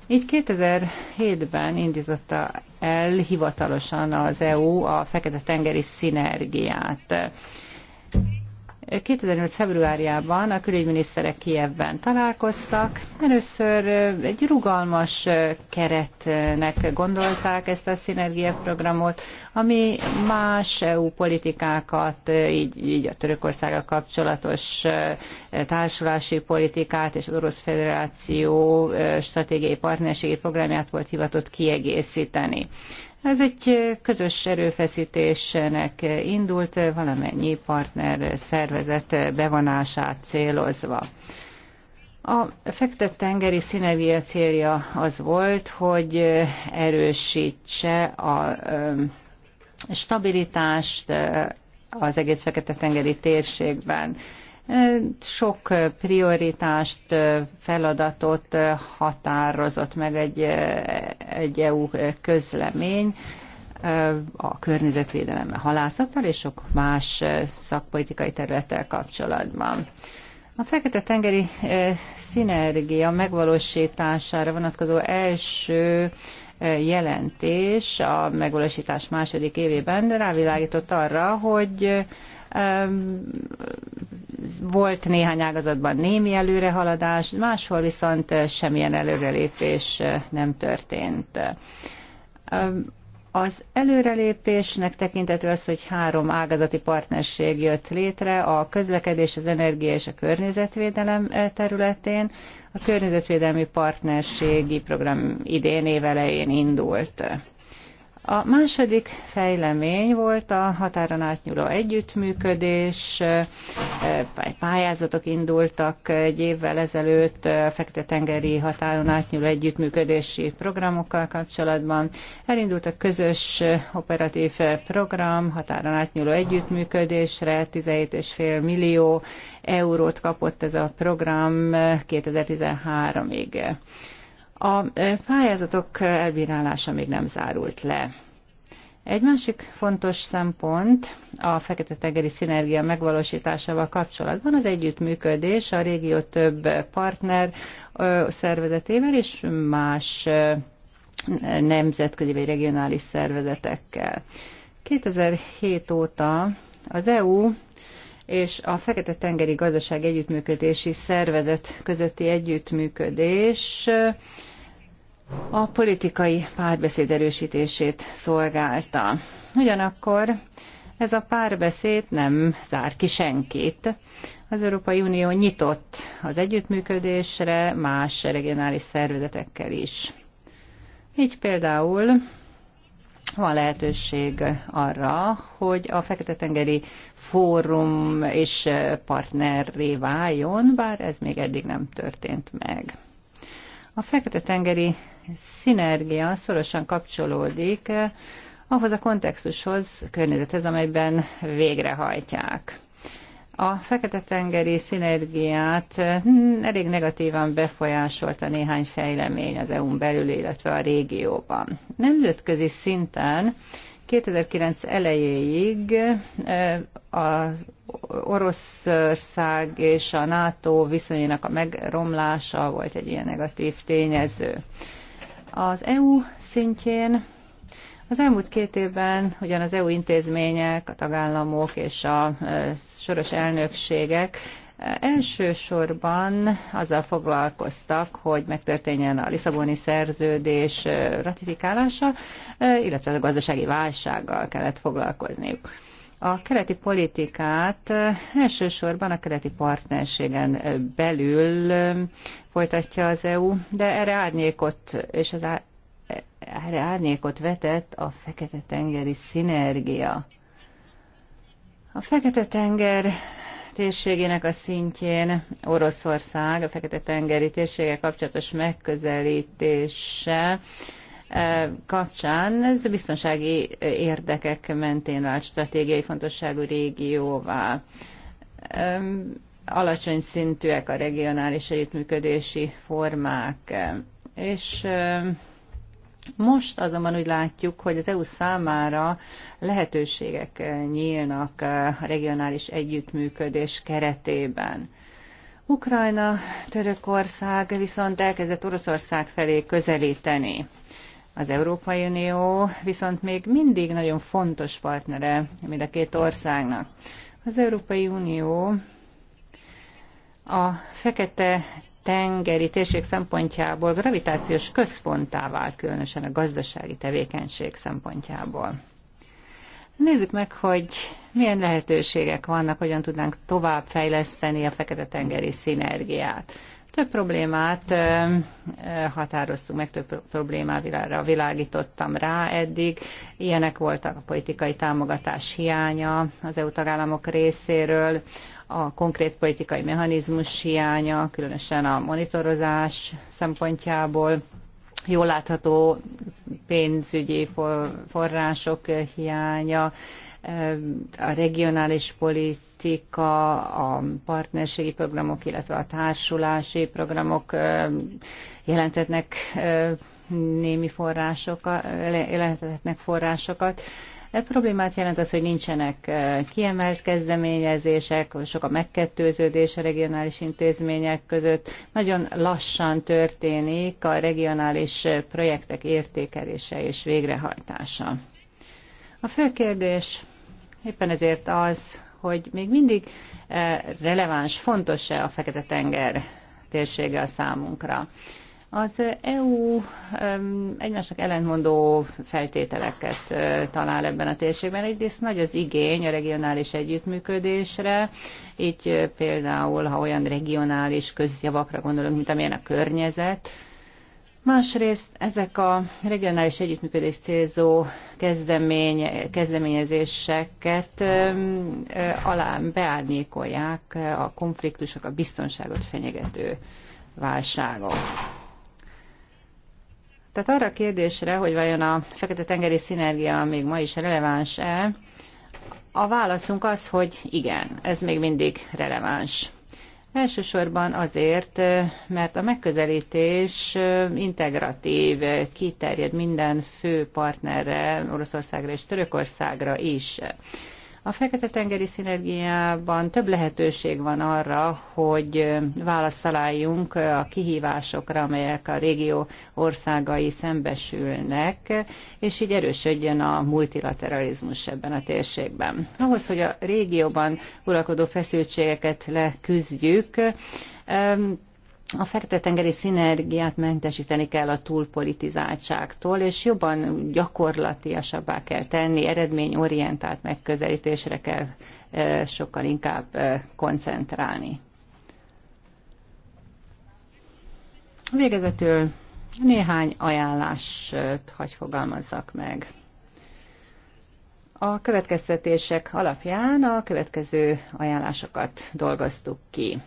Így 2007-ben indította el hivatalosan az EU a Fekete-tengeri szinergiát. 2008. februárjában a külügyminiszterek Kievben találkoztak. Először egy rugalmas keretnek gondolták ezt a szinergia programot, ami más EU politikákat, így, így a Törökországgal kapcsolatos társulási politikát és az Orosz Federáció stratégiai partnerségi programját volt hivatott kiegészíteni. Ez egy közös erőfeszítésnek indult, valamennyi partner szervezet bevonását célozva. A fektett tengeri színevia célja az volt, hogy erősítse a stabilitást az egész fekete tengeri térségben sok prioritást, feladatot határozott meg egy, egy EU közlemény a környezetvédelemmel, halászattal és sok más szakpolitikai területtel kapcsolatban. A Fekete-tengeri szinergia megvalósítására vonatkozó első jelentés a megvalósítás második évében rávilágított arra, hogy volt néhány ágazatban némi előrehaladás, máshol viszont semmilyen előrelépés nem történt. Az előrelépésnek tekintető az, hogy három ágazati partnerség jött létre a közlekedés, az energia és a környezetvédelem területén. A környezetvédelmi partnerségi program idén évelején indult. A második fejlemény volt a határon átnyúló együttműködés, pályázatok indultak egy évvel ezelőtt Fekete-tengeri határon átnyúló együttműködési programokkal kapcsolatban. Elindult a közös operatív program határon átnyúló együttműködésre, 17,5 millió eurót kapott ez a program 2013-ig. A e, pályázatok elbírálása még nem zárult le. Egy másik fontos szempont a Fekete-tengeri szinergia megvalósításával kapcsolatban az együttműködés a régió több partner szervezetével és más nemzetközi vagy regionális szervezetekkel. 2007 óta az EU és a Fekete-tengeri Gazdaság Együttműködési Szervezet közötti együttműködés eh, a politikai párbeszéd erősítését szolgálta. Ugyanakkor ez a párbeszéd nem zár ki senkit. Az Európai Unió nyitott az együttműködésre más regionális szervezetekkel is. Így például van lehetőség arra, hogy a Fekete-tengeri fórum és partnerré váljon, bár ez még eddig nem történt meg. A Fekete-tengeri szinergia szorosan kapcsolódik ahhoz a kontextushoz, környezethez, amelyben végrehajtják. A Fekete-tengeri szinergiát hm, elég negatívan befolyásolta néhány fejlemény az EU-n belül, illetve a régióban. Nemzetközi szinten 2009 elejéig eh, a Oroszország és a NATO viszonyának a megromlása volt egy ilyen negatív tényező. Az EU szintjén az elmúlt két évben ugyan az EU intézmények, a tagállamok és a soros elnökségek elsősorban azzal foglalkoztak, hogy megtörténjen a Lisszaboni szerződés ratifikálása, illetve a gazdasági válsággal kellett foglalkozniuk. A keleti politikát elsősorban a keleti partnerségen belül folytatja az EU, de erre árnyékot és az erre árnyékot vetett a Fekete-tengeri szinergia. A Fekete-tenger térségének a szintjén Oroszország a Fekete-tengeri térsége kapcsolatos megközelítése eh, kapcsán ez a biztonsági érdekek mentén vált stratégiai fontosságú régióvá. Alacsony szintűek a regionális együttműködési formák, eh, és most azonban úgy látjuk, hogy az EU számára lehetőségek eh, nyílnak eh, a regionális együttműködés keretében. Ukrajna, Törökország viszont elkezdett Oroszország felé közelíteni. Az Európai Unió viszont még mindig nagyon fontos partnere mind a két országnak. Az Európai Unió a fekete tengeri térség szempontjából gravitációs központtá vált, különösen a gazdasági tevékenység szempontjából. Nézzük meg, hogy milyen lehetőségek vannak, hogyan tudnánk tovább fejleszteni a Fekete-tengeri szinergiát. Több problémát határoztunk meg, több problémára világítottam rá eddig. Ilyenek voltak a politikai támogatás hiánya az EU tagállamok részéről, a konkrét politikai mechanizmus hiánya, különösen a monitorozás szempontjából, jól látható pénzügyi források hiánya, eh, a regionális politika, a partnerségi programok, illetve a társulási programok eh, jelentetnek eh, némi forrásokat, jelentetnek forrásokat. De problémát jelent az, hogy nincsenek e, kiemelt kezdeményezések, sok a megkettőződés a regionális intézmények között. Nagyon lassan történik a regionális projektek értékelése és végrehajtása. A fő kérdés éppen ezért az, hogy még mindig e, releváns, fontos-e a Fekete-tenger térsége a számunkra. Az EU egymásnak ellentmondó feltételeket talál ebben a térségben. Egyrészt nagy az igény a regionális együttműködésre, így például, ha olyan regionális közjavakra gondolunk, mint amilyen a környezet, Másrészt ezek a regionális együttműködés célzó kezdemény, kezdeményezéseket alá beárnyékolják a konfliktusok, a biztonságot fenyegető válságok. Tehát arra a kérdésre, hogy vajon a fekete-tengeri szinergia még ma is releváns-e, a válaszunk az, hogy igen, ez még mindig releváns. Elsősorban azért, mert a megközelítés integratív, kiterjed minden fő partnerre, Oroszországra és Törökországra is. A Fekete-tengeri szinergiában több lehetőség van arra, hogy válaszoljunk a kihívásokra, amelyek a régió országai szembesülnek, és így erősödjön a multilateralizmus ebben a térségben. Ahhoz, hogy a régióban uralkodó feszültségeket leküzdjük, a fekete-tengeri szinergiát mentesíteni kell a túlpolitizáltságtól, és jobban gyakorlatiasabbá kell tenni, eredményorientált megközelítésre kell sokkal inkább koncentrálni. Végezetül néhány ajánlást hagy fogalmazzak meg. A következtetések alapján a következő ajánlásokat dolgoztuk ki.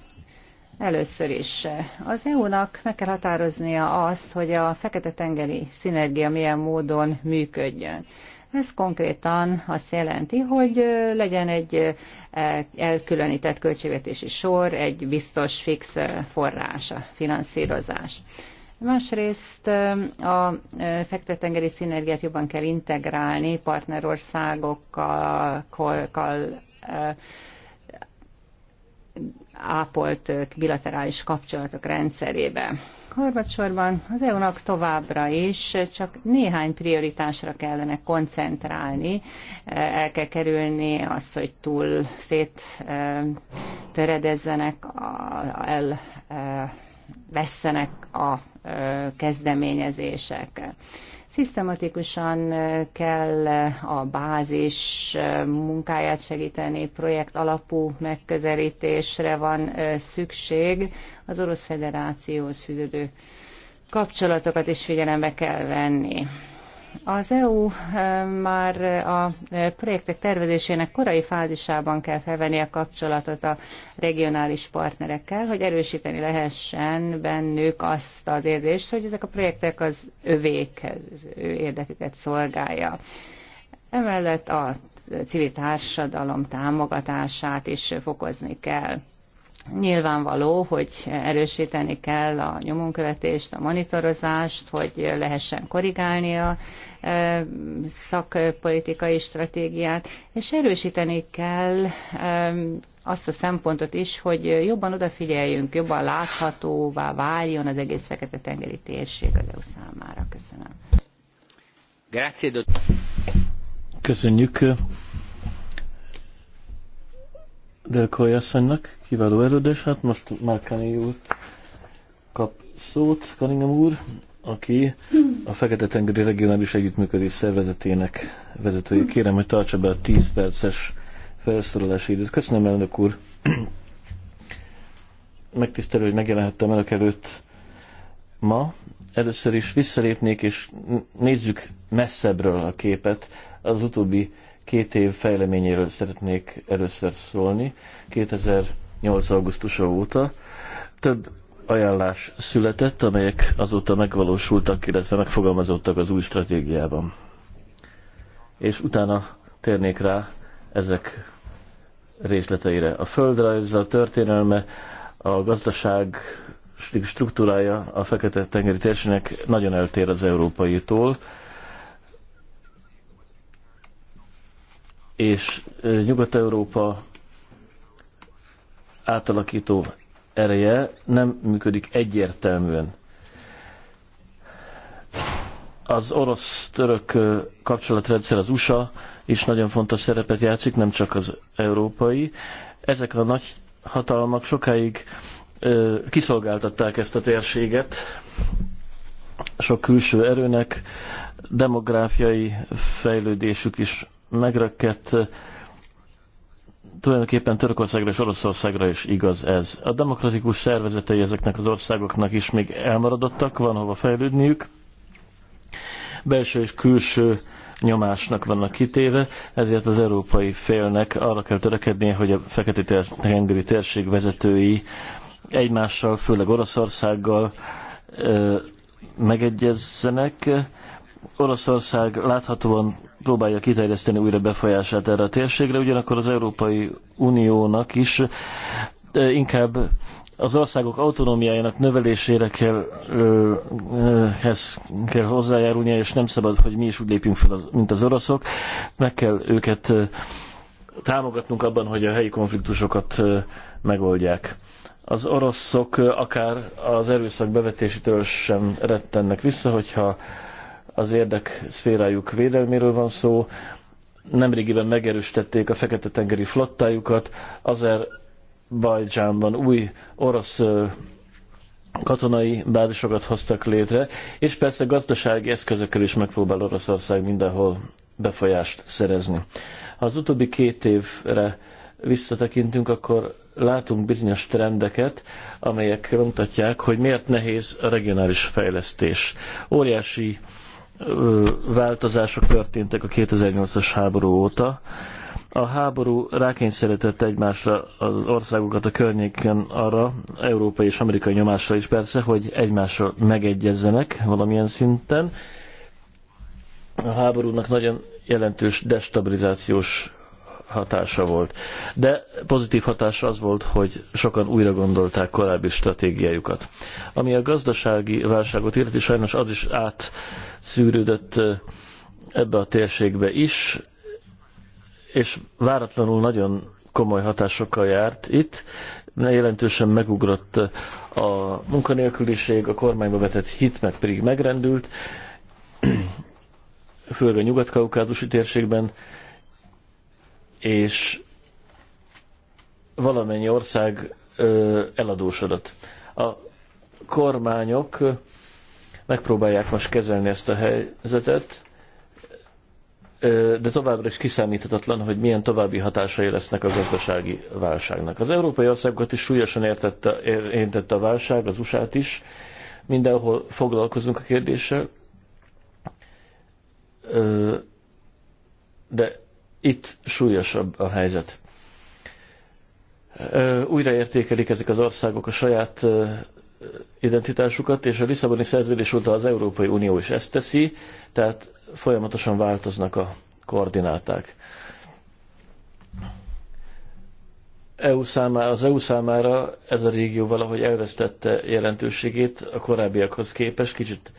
Először is az EU-nak meg kell határoznia azt, hogy a fekete-tengeri szinergia milyen módon működjön. Ez konkrétan azt jelenti, hogy legyen egy elkülönített költségvetési sor, egy biztos fix forrás, a finanszírozás. Másrészt a fektetengeri szinergiát jobban kell integrálni partnerországokkal, ápolt bilaterális kapcsolatok rendszerébe. Harmadsorban az EU-nak továbbra is csak néhány prioritásra kellene koncentrálni, el kell kerülni azt, hogy túl szét töredezzenek, el vesszenek a kezdeményezések. Szisztematikusan eh, kell eh, a bázis eh, munkáját segíteni, projekt alapú megközelítésre van szükség. Az Orosz Federációhoz fűződő kapcsolatokat is figyelembe kell venni. Az EU eh, már a eh, projektek tervezésének korai fázisában kell felvenni a kapcsolatot a regionális partnerekkel, hogy erősíteni lehessen bennük azt az érzést, hogy ezek a projektek az övék érdeküket szolgálja. Emellett a civil társadalom támogatását is fokozni kell. Nyilvánvaló, hogy erősíteni kell a nyomonkövetést, a monitorozást, hogy lehessen korrigálni a e, szakpolitikai stratégiát, és erősíteni kell e, azt a szempontot is, hogy jobban odafigyeljünk, jobban láthatóvá váljon az egész Fekete-tengeri térség az EU számára. Köszönöm. Grazie, Köszönjük Delkoly asszonynak. Kiváló erődös, hát most Kani úr kap szót, Karingam úr, aki a Fekete-tengeri Regionális Együttműködés Szervezetének vezetője. Kérem, hogy tartsa be a 10 perces felszólalási időt. Köszönöm, elnök úr. Megtisztelő, hogy megjelenhettem önök előtt ma. Először is visszalépnék, és nézzük messzebbről a képet. Az utóbbi két év fejleményéről szeretnék először szólni. 2000 8. augusztusa óta. Több ajánlás született, amelyek azóta megvalósultak, illetve megfogalmazódtak az új stratégiában. És utána térnék rá ezek részleteire. A földrajz, a történelme, a gazdaság struktúrája a Fekete-tengeri térségnek nagyon eltér az európaitól, és eh, Nyugat-Európa átalakító ereje nem működik egyértelműen. Az orosz-török kapcsolatrendszer az USA is nagyon fontos szerepet játszik, nem csak az európai. Ezek a nagy hatalmak sokáig ö, kiszolgáltatták ezt a térséget sok külső erőnek, demográfiai fejlődésük is Ö, tulajdonképpen Törökországra és Oroszországra is igaz ez. A demokratikus szervezetei ezeknek az országoknak is még elmaradottak, van hova fejlődniük. Belső és külső nyomásnak vannak kitéve, ezért az európai félnek arra kell törekednie, hogy a Fekete-tengeri térség vezetői egymással, főleg Oroszországgal megegyezzenek. Oroszország láthatóan próbálja kiterjeszteni újra befolyását erre a térségre, ugyanakkor az Európai Uniónak is inkább az országok autonómiájának növelésére kell, ö, ö, hez kell hozzájárulnia, és nem szabad, hogy mi is úgy lépjünk fel, mint az oroszok. Meg kell őket támogatnunk abban, hogy a helyi konfliktusokat ö, megoldják. Az oroszok akár az erőszak bevetésétől sem rettennek vissza, hogyha az érdek szférájuk védelméről van szó, nemrégiben megerősítették a Fekete-tengeri flottájukat, Azerbajdzsánban új orosz katonai bázisokat hoztak létre, és persze gazdasági eszközökkel is megpróbál Oroszország mindenhol befolyást szerezni. Ha az utóbbi két évre visszatekintünk, akkor látunk bizonyos trendeket, amelyek mutatják, hogy miért nehéz a regionális fejlesztés. Óriási változások történtek a 2008-as háború óta. A háború rákényszerített egymásra az országokat a környéken arra, európai és amerikai nyomásra is persze, hogy egymással megegyezzenek valamilyen szinten. A háborúnak nagyon jelentős destabilizációs hatása volt. De pozitív hatása az volt, hogy sokan újra gondolták korábbi stratégiájukat. Ami a gazdasági válságot illeti, sajnos az is átszűrődött ebbe a térségbe is, és váratlanul nagyon komoly hatásokkal járt itt. Jelentősen megugrott a munkanélküliség, a kormányba vetett hit meg pedig megrendült, főleg a nyugat-kaukázusi térségben és valamennyi ország eladósodott. A kormányok megpróbálják most kezelni ezt a helyzetet, de továbbra is kiszámíthatatlan, hogy milyen további hatásai lesznek a gazdasági válságnak. Az európai országokat is súlyosan értette, érintette a válság, az usa is. Mindenhol foglalkozunk a kérdéssel. De itt súlyosabb a helyzet. Újra értékelik ezek az országok a saját identitásukat, és a Lisszaboni szerződés óta az Európai Unió is ezt teszi, tehát folyamatosan változnak a koordináták. EU számára, az EU számára ez a régió valahogy elvesztette jelentőségét a korábbiakhoz képest. Kicsit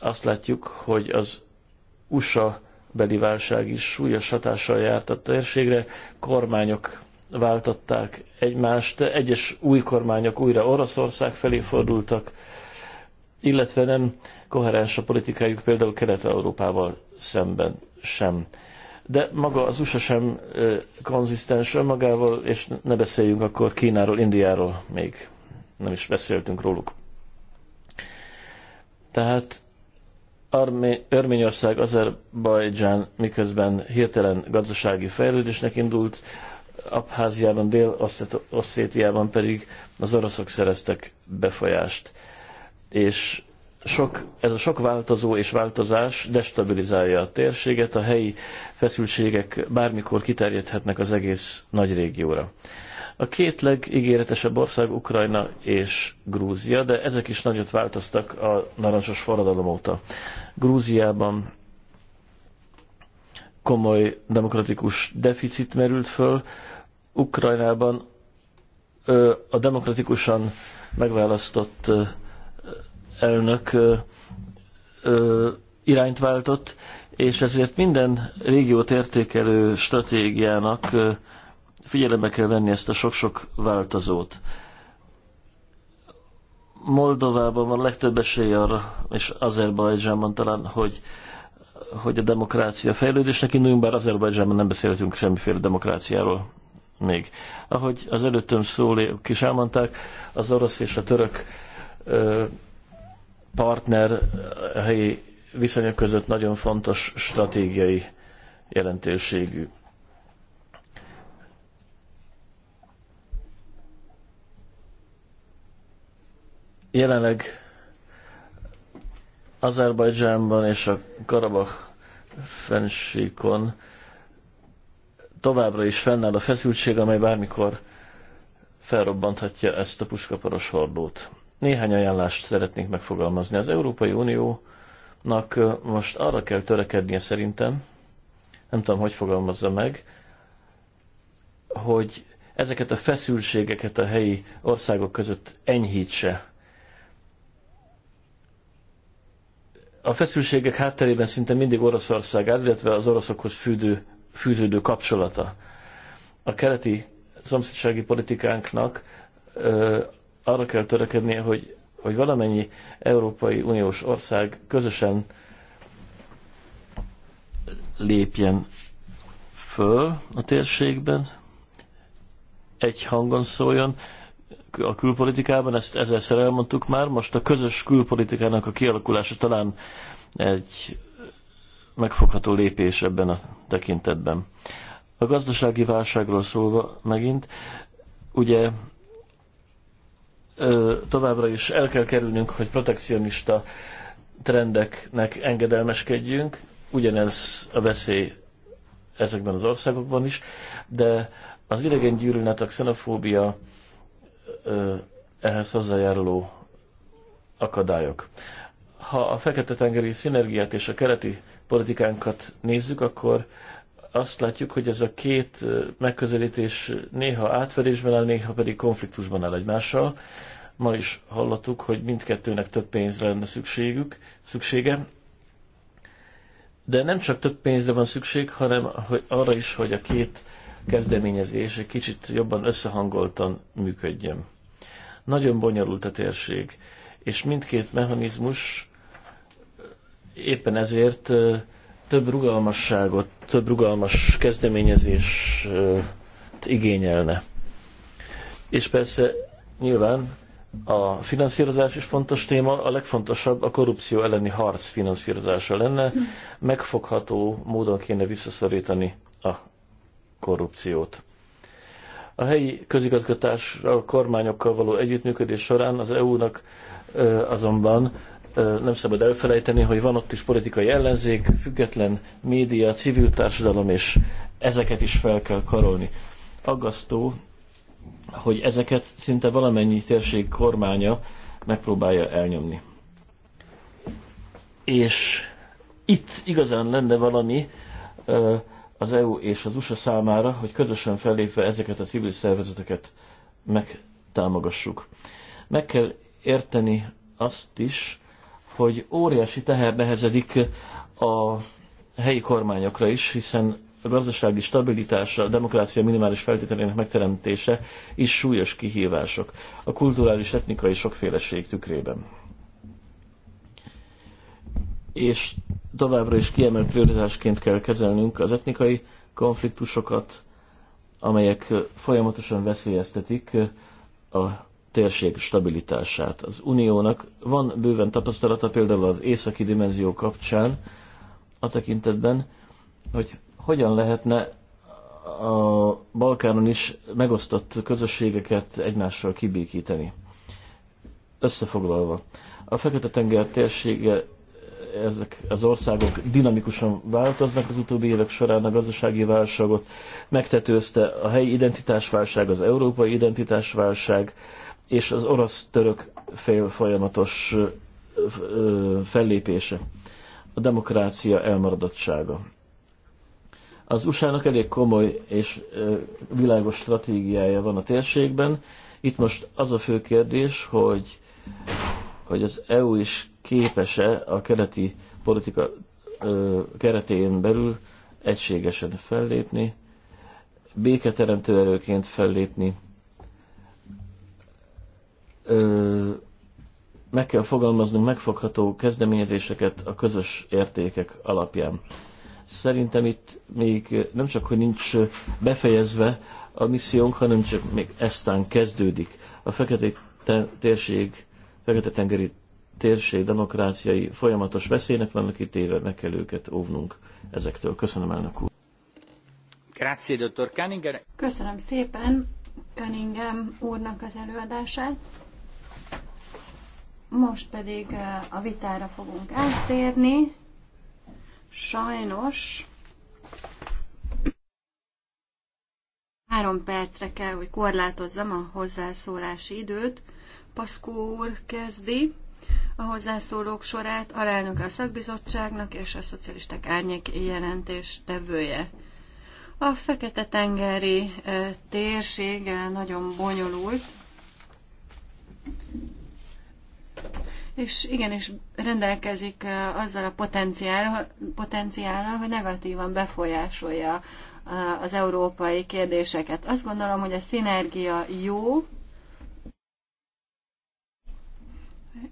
azt látjuk, hogy az USA beli válság is súlyos hatással járt a térségre, kormányok váltották egymást, egyes új kormányok újra Oroszország felé fordultak, illetve nem koherens a politikájuk például Kelet-Európával szemben sem. De maga az USA sem konzisztens önmagával, és ne beszéljünk akkor Kínáról, Indiáról még. Nem is beszéltünk róluk. Tehát Örményország, Azerbajdzsán miközben hirtelen gazdasági fejlődésnek indult, Abháziában, Dél-Osszétiában pedig az oroszok szereztek befolyást. És sok, ez a sok változó és változás destabilizálja a térséget, a helyi feszültségek bármikor kiterjedhetnek az egész nagy régióra. A két legígéretesebb ország Ukrajna és Grúzia, de ezek is nagyot változtak a narancsos forradalom óta. Grúziában komoly demokratikus deficit merült föl, Ukrajnában a demokratikusan megválasztott elnök irányt váltott, és ezért minden régiót értékelő stratégiának Figyelembe kell venni ezt a sok-sok változót. Moldovában van legtöbb esély arra, és Azerbajdzsánban talán, hogy, hogy a demokrácia fejlődésnek induljunk, bár Azerbajdzsánban nem beszélhetünk semmiféle demokráciáról még. Ahogy az előttöm szólók is elmondták, az orosz és a török ö, partner helyi viszonyok között nagyon fontos stratégiai jelentőségű jelenleg Azerbajdzsánban és a Karabach fensíkon továbbra is fennáll a feszültség, amely bármikor felrobbanthatja ezt a puskaparos hordót. Néhány ajánlást szeretnék megfogalmazni. Az Európai Uniónak most arra kell törekednie szerintem, nem tudom, hogy fogalmazza meg, hogy ezeket a feszültségeket a helyi országok között enyhítse. A feszültségek hátterében szinte mindig Oroszország áll, illetve az oroszokhoz fűdő, fűződő kapcsolata. A keleti szomszédsági politikánknak ö, arra kell törekednie, hogy, hogy valamennyi Európai Uniós ország közösen lépjen föl a térségben, egy hangon szóljon, a külpolitikában, ezt ezerszer elmondtuk már, most a közös külpolitikának a kialakulása talán egy megfogható lépés ebben a tekintetben. A gazdasági válságról szólva megint, ugye továbbra is el kell kerülnünk, hogy protekcionista trendeknek engedelmeskedjünk, ugyanez a veszély ezekben az országokban is, de az idegen gyűlölet, a xenofóbia, ehhez hozzájáruló akadályok. Ha a Fekete-tengeri szinergiát és a keleti politikánkat nézzük, akkor azt látjuk, hogy ez a két megközelítés néha átverésben áll, néha pedig konfliktusban áll egymással. Ma is hallottuk, hogy mindkettőnek több pénzre lenne szükségük, szüksége. De nem csak több pénzre van szükség, hanem arra is, hogy a két kezdeményezés egy kicsit jobban összehangoltan működjön. Nagyon bonyolult a térség, és mindkét mechanizmus éppen ezért több rugalmasságot, több rugalmas kezdeményezést igényelne. És persze nyilván a finanszírozás is fontos téma, a legfontosabb a korrupció elleni harc finanszírozása lenne, megfogható módon kéne visszaszorítani a korrupciót. A helyi közigazgatással, kormányokkal való együttműködés során az EU-nak azonban nem szabad elfelejteni, hogy van ott is politikai ellenzék, független média, civil társadalom, és ezeket is fel kell karolni. Aggasztó, hogy ezeket szinte valamennyi térség kormánya megpróbálja elnyomni. És itt igazán lenne valami, az EU és az USA számára, hogy közösen fellépve ezeket a civil szervezeteket megtámogassuk. Meg kell érteni azt is, hogy óriási teher nehezedik a helyi kormányokra is, hiszen a gazdasági stabilitás, a demokrácia minimális feltételének megteremtése is súlyos kihívások a kulturális etnikai sokféleség tükrében és továbbra is kiemelt prioritásként kell kezelnünk az etnikai konfliktusokat, amelyek folyamatosan veszélyeztetik a térség stabilitását. Az uniónak van bőven tapasztalata például az északi dimenzió kapcsán a tekintetben, hogy hogyan lehetne a Balkánon is megosztott közösségeket egymással kibékíteni. Összefoglalva, a Fekete-tenger térsége ezek az országok dinamikusan változnak az utóbbi évek során, a gazdasági válságot megtetőzte a helyi identitásválság, az európai identitásválság, és az orosz-török fél folyamatos fellépése, a demokrácia elmaradottsága. Az USA-nak elég komoly és világos stratégiája van a térségben. Itt most az a fő kérdés, hogy hogy az EU is képes-e a keleti politika ö, keretén belül egységesen fellépni, béketeremtő erőként fellépni. Ö, meg kell fogalmaznunk megfogható kezdeményezéseket a közös értékek alapján. Szerintem itt még nem csak, hogy nincs befejezve a missziónk, hanem csak még eztán kezdődik. A fekete térség Fekete-tengeri térség demokráciai folyamatos veszélynek vannak kitéve, meg kell őket óvnunk ezektől. Köszönöm, elnök úr. Grazie, dr. Kanninger. Köszönöm szépen Cunningham úrnak az előadását. Most pedig eh, a vitára fogunk áttérni. Sajnos három percre kell, hogy korlátozzam a hozzászólási időt. Paszkó úr kezdi a hozzászólók sorát, alelnök a szakbizottságnak és a szocialisták árnyék jelentés tevője. A Fekete-tengeri térség nagyon bonyolult, és igenis rendelkezik azzal a potenciál, potenciállal, hogy negatívan befolyásolja az európai kérdéseket. Azt gondolom, hogy a szinergia jó,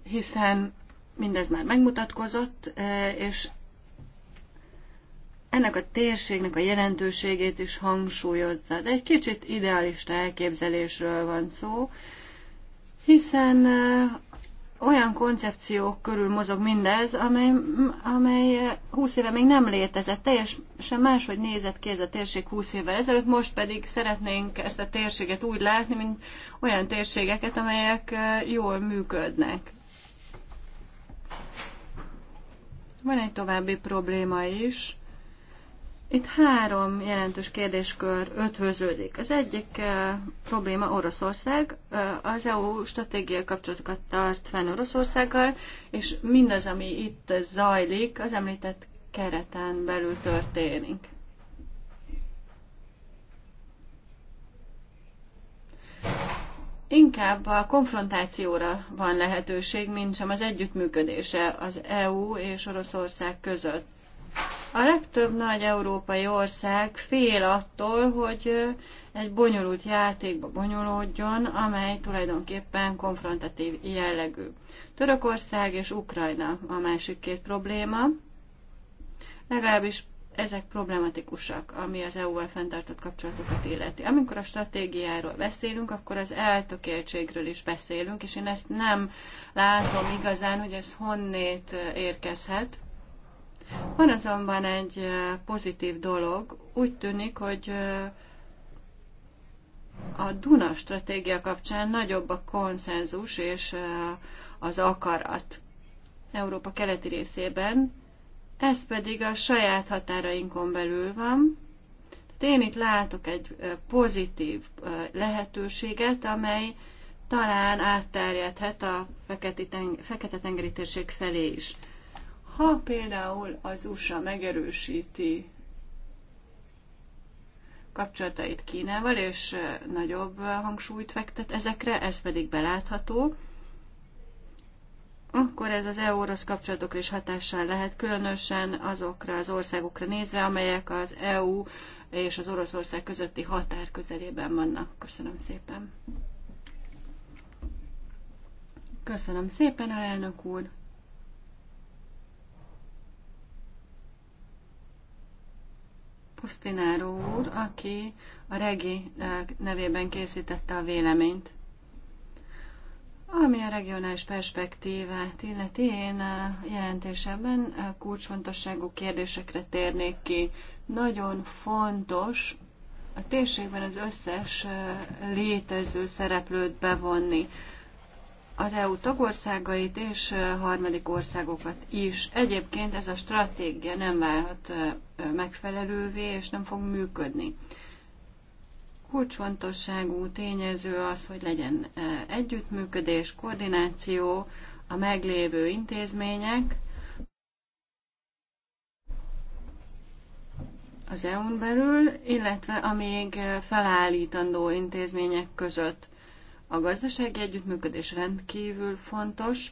hiszen mindez már megmutatkozott, e, és ennek a térségnek a jelentőségét is hangsúlyozza. De egy kicsit idealista elképzelésről van szó, hiszen e, olyan koncepciók körül mozog mindez, amely, amely 20 éve még nem létezett, teljesen máshogy nézett ki ez a térség 20 évvel ezelőtt, most pedig szeretnénk ezt a térséget úgy látni, mint olyan térségeket, amelyek e, jól működnek. Van egy további probléma is. Itt három jelentős kérdéskör ötvöződik. Az egyik eh, probléma Oroszország. Eh, az EU stratégiai kapcsolatokat tart fenn Oroszországgal, és mindaz, ami itt zajlik, az említett kereten belül történik inkább a konfrontációra van lehetőség, mint sem az együttműködése az EU és Oroszország között. A legtöbb nagy európai ország fél attól, hogy egy bonyolult játékba bonyolódjon, amely tulajdonképpen konfrontatív jellegű. Törökország és Ukrajna a másik két probléma. Legalábbis ezek problematikusak, ami az EU-val fenntartott kapcsolatokat illeti. Amikor a stratégiáról beszélünk, akkor az eltökéltségről is beszélünk, és én ezt nem látom igazán, hogy ez honnét eh, érkezhet. Van azonban egy eh, pozitív dolog, úgy tűnik, hogy eh, a Duna stratégia kapcsán nagyobb a konszenzus és az akarat. Európa keleti részében ez pedig a saját határainkon belül van. Tehát én itt látok egy pozitív lehetőséget, amely talán átterjedhet a Fekete-tengeri térség felé is. Ha például az USA megerősíti kapcsolatait Kínával, és nagyobb hangsúlyt fektet ezekre, ez pedig belátható, akkor ez az eu orosz kapcsolatokra is hatással lehet, különösen azokra az országokra nézve, amelyek az EU és az Oroszország közötti határ közelében vannak. Köszönöm szépen. Köszönöm szépen, elnök úr. Pusztináró úr, aki a Regi eh, nevében készítette a véleményt. Ami a regionális perspektívát illeti, én a jelentésemben kulcsfontosságú kérdésekre térnék ki. Nagyon fontos a térségben az összes létező szereplőt bevonni. Az EU tagországait és harmadik országokat is. Egyébként ez a stratégia nem válhat megfelelővé, és nem fog működni. Kulcsfontosságú tényező az, hogy legyen e, együttműködés, koordináció a meglévő intézmények, az EU-n belül, illetve a még felállítandó intézmények között. A gazdasági együttműködés rendkívül fontos.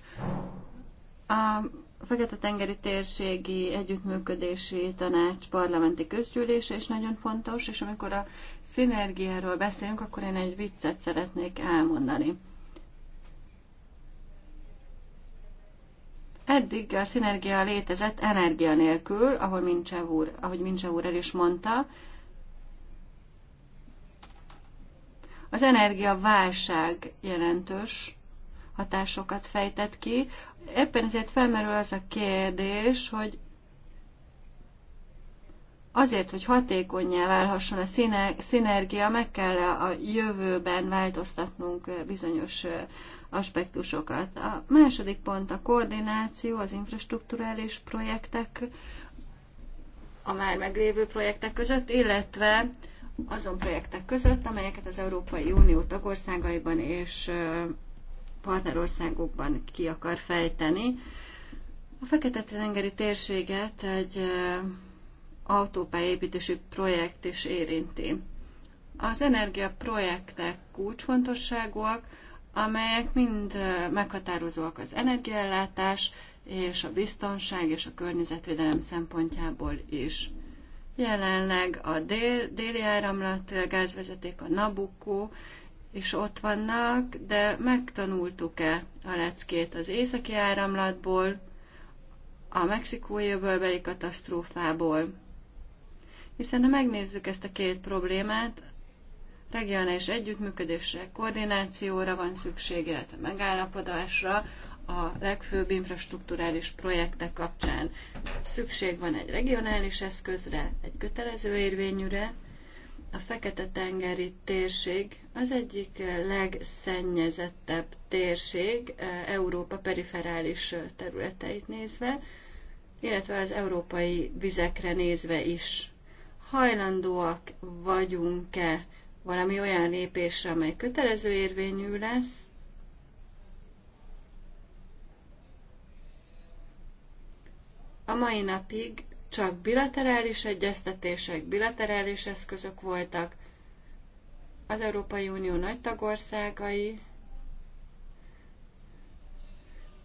A Fekete-tengeri térségi együttműködési tanács parlamenti közgyűlése is nagyon fontos, és amikor a szinergiáról beszélünk, akkor én egy viccet szeretnék elmondani. Eddig a szinergia létezett energia nélkül, ahol Mincsev úr, ahogy Mincsev úr el is mondta. Az energia válság jelentős hatásokat fejtett ki. Éppen ezért felmerül az a kérdés, hogy Azért, hogy hatékonyá válhasson a szinergia, meg kell a jövőben változtatnunk bizonyos aspektusokat. A második pont a koordináció az infrastruktúrális projektek, a már meglévő projektek között, illetve azon projektek között, amelyeket az Európai Unió tagországaiban és partnerországokban ki akar fejteni. A Fekete-tengeri térséget egy autópályépítési projekt is érinti. Az energiaprojektek kulcsfontosságúak, amelyek mind meghatározóak az energiaellátás és a biztonság és a környezetvédelem szempontjából is. Jelenleg a dél, déli áramlat gázvezeték, a Nabucco is ott vannak, de megtanultuk-e a leckét az északi áramlatból, a mexikói jövőbeli katasztrófából, hiszen ha megnézzük ezt a két problémát, regionális együttműködésre, koordinációra van szükség, illetve megállapodásra, a legfőbb infrastruktúrális projektek kapcsán szükség van egy regionális eszközre, egy kötelező érvényűre. A Fekete-tengeri térség az egyik legszennyezettebb térség eh, Európa periferális területeit nézve, illetve az európai vizekre nézve is hajlandóak vagyunk-e valami olyan lépésre, amely kötelező érvényű lesz, A mai napig csak bilaterális egyeztetések, bilaterális eszközök voltak. Az Európai Unió nagy tagországai,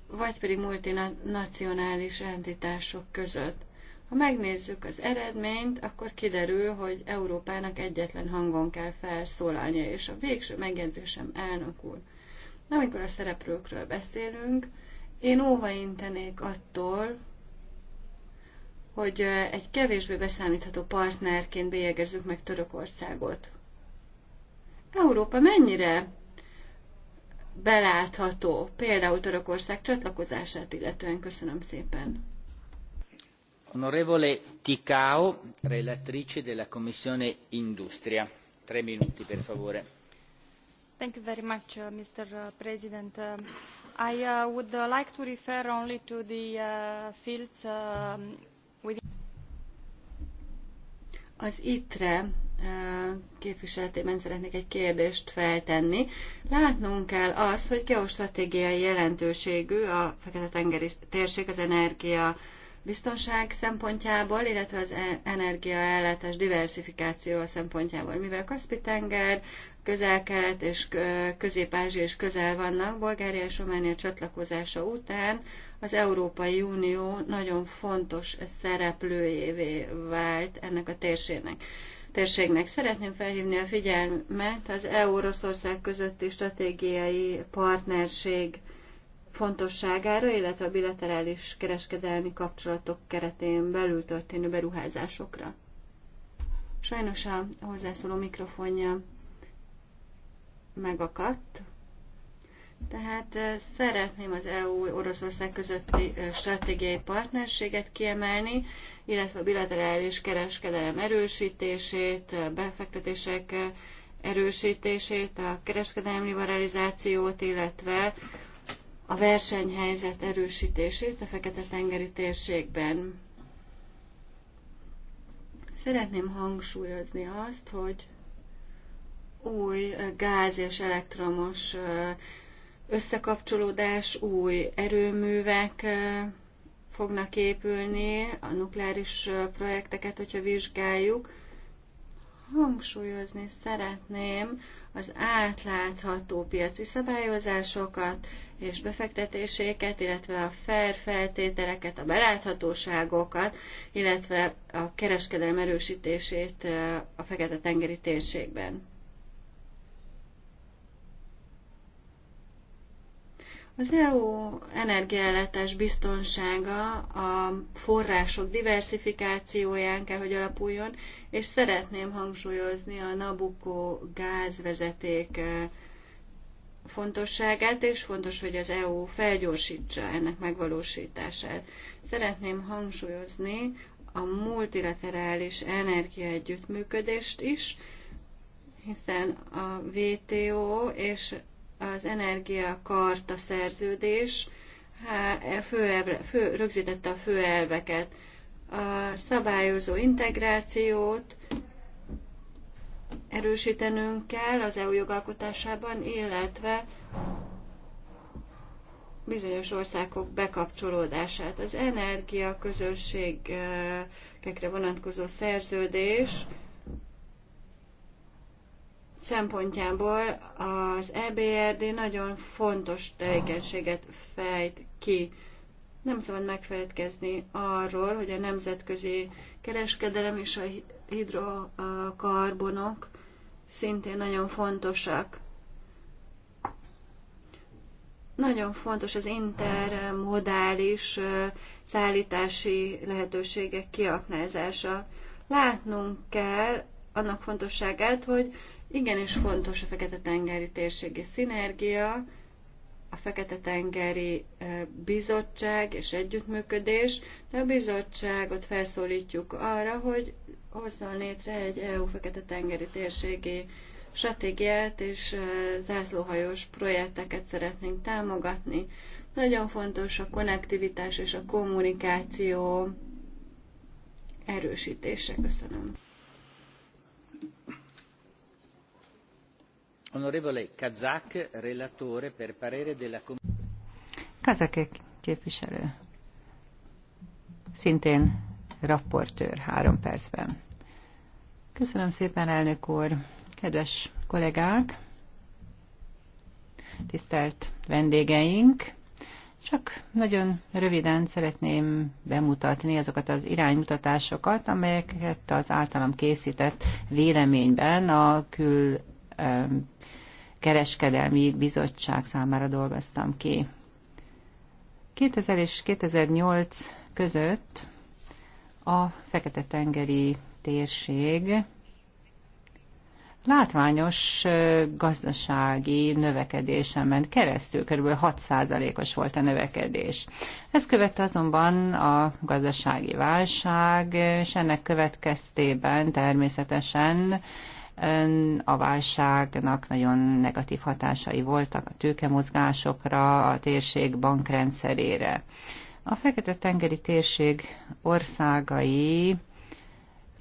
vagy pedig multinacionális entitások között. Ha megnézzük az eredményt, akkor kiderül, hogy Európának egyetlen hangon kell felszólalnia, és a végső megjegyzésem elnök úr. Amikor a szereplőkről beszélünk, én óvaintenék attól, hogy egy kevésbé beszámítható partnerként bélyegezzük meg Törökországot. Európa mennyire belátható, például Törökország csatlakozását illetően. Köszönöm szépen. Onorevole Ticao, relatrice della Commissione Industria. Tre minuti, per favore. Thank you very much, uh, Mr. Uh, President. Uh, I uh, would uh, like to refer only to the uh, fields uh, within... Az ITRE uh, képviseletében szeretnék egy kérdést feltenni. Látnunk kell azt, hogy geostratégiai jelentőségű a Fekete-tengeri térség az energia biztonság szempontjából, illetve az e- energiaellátás diversifikáció szempontjából. Mivel a Kaspi-tenger, közel-kelet és közép-ázsia is közel vannak, Bulgária és Románia csatlakozása után az Európai Unió nagyon fontos szereplőjévé vált ennek a térségnek térségnek. Szeretném felhívni a figyelmet az EU-Oroszország közötti stratégiai partnerség fontosságára, illetve a bilaterális kereskedelmi kapcsolatok keretén belül történő beruházásokra. Sajnos a hozzászóló mikrofonja megakadt, tehát eh, szeretném az EU-Oroszország közötti eh, stratégiai partnerséget kiemelni, illetve a bilaterális kereskedelem erősítését, eh, befektetések erősítését, a kereskedelmi liberalizációt, illetve a versenyhelyzet erősítését a Fekete-tengeri térségben. Szeretném hangsúlyozni azt, hogy új gáz és elektromos összekapcsolódás, új erőművek fognak épülni, a nukleáris projekteket, hogyha vizsgáljuk. Hangsúlyozni szeretném az átlátható piaci szabályozásokat és befektetéséket, illetve a fair feltételeket, a beláthatóságokat, illetve a kereskedelem erősítését a Fekete-tengeri térségben. Az EU energiállátás biztonsága a források diversifikációján kell, hogy alapuljon, és szeretném hangsúlyozni a Nabucco gázvezeték fontosságát, és fontos, hogy az EU felgyorsítsa ennek megvalósítását. Szeretném hangsúlyozni a multilaterális energiaegyüttműködést is, hiszen a WTO és az a szerződés e, főelve, fő, rögzítette a főelveket, a szabályozó integrációt erősítenünk kell az EU jogalkotásában, illetve bizonyos országok bekapcsolódását. Az energiaközösségekre vonatkozó szerződés szempontjából az EBRD nagyon fontos tevékenységet fejt ki. Nem szabad megfeledkezni arról, hogy a nemzetközi kereskedelem és a hidrokarbonok szintén nagyon fontosak. Nagyon fontos az intermodális szállítási lehetőségek kiaknázása. Látnunk kell annak fontosságát, hogy Igenis fontos a Fekete-tengeri térségi szinergia, a Fekete-tengeri bizottság és együttműködés, de a bizottságot felszólítjuk arra, hogy hozzon létre egy EU Fekete-tengeri térségi stratégiát és zászlóhajós projekteket szeretnénk támogatni. Nagyon fontos a konnektivitás és a kommunikáció erősítése. Köszönöm. Kazak, képviselő. Szintén rapportőr három percben. Köszönöm szépen, elnök úr. Kedves kollégák, tisztelt vendégeink, csak nagyon röviden szeretném bemutatni azokat az iránymutatásokat, amelyeket az általam készített véleményben a kül kereskedelmi bizottság számára dolgoztam ki. 2000 és 2008 között a Fekete-tengeri térség látványos gazdasági növekedésen ment keresztül, kb. 6%-os volt a növekedés. Ez követte azonban a gazdasági válság, és ennek következtében természetesen a válságnak nagyon negatív hatásai voltak a tőkemozgásokra, a térség bankrendszerére. A Fekete-tengeri térség országai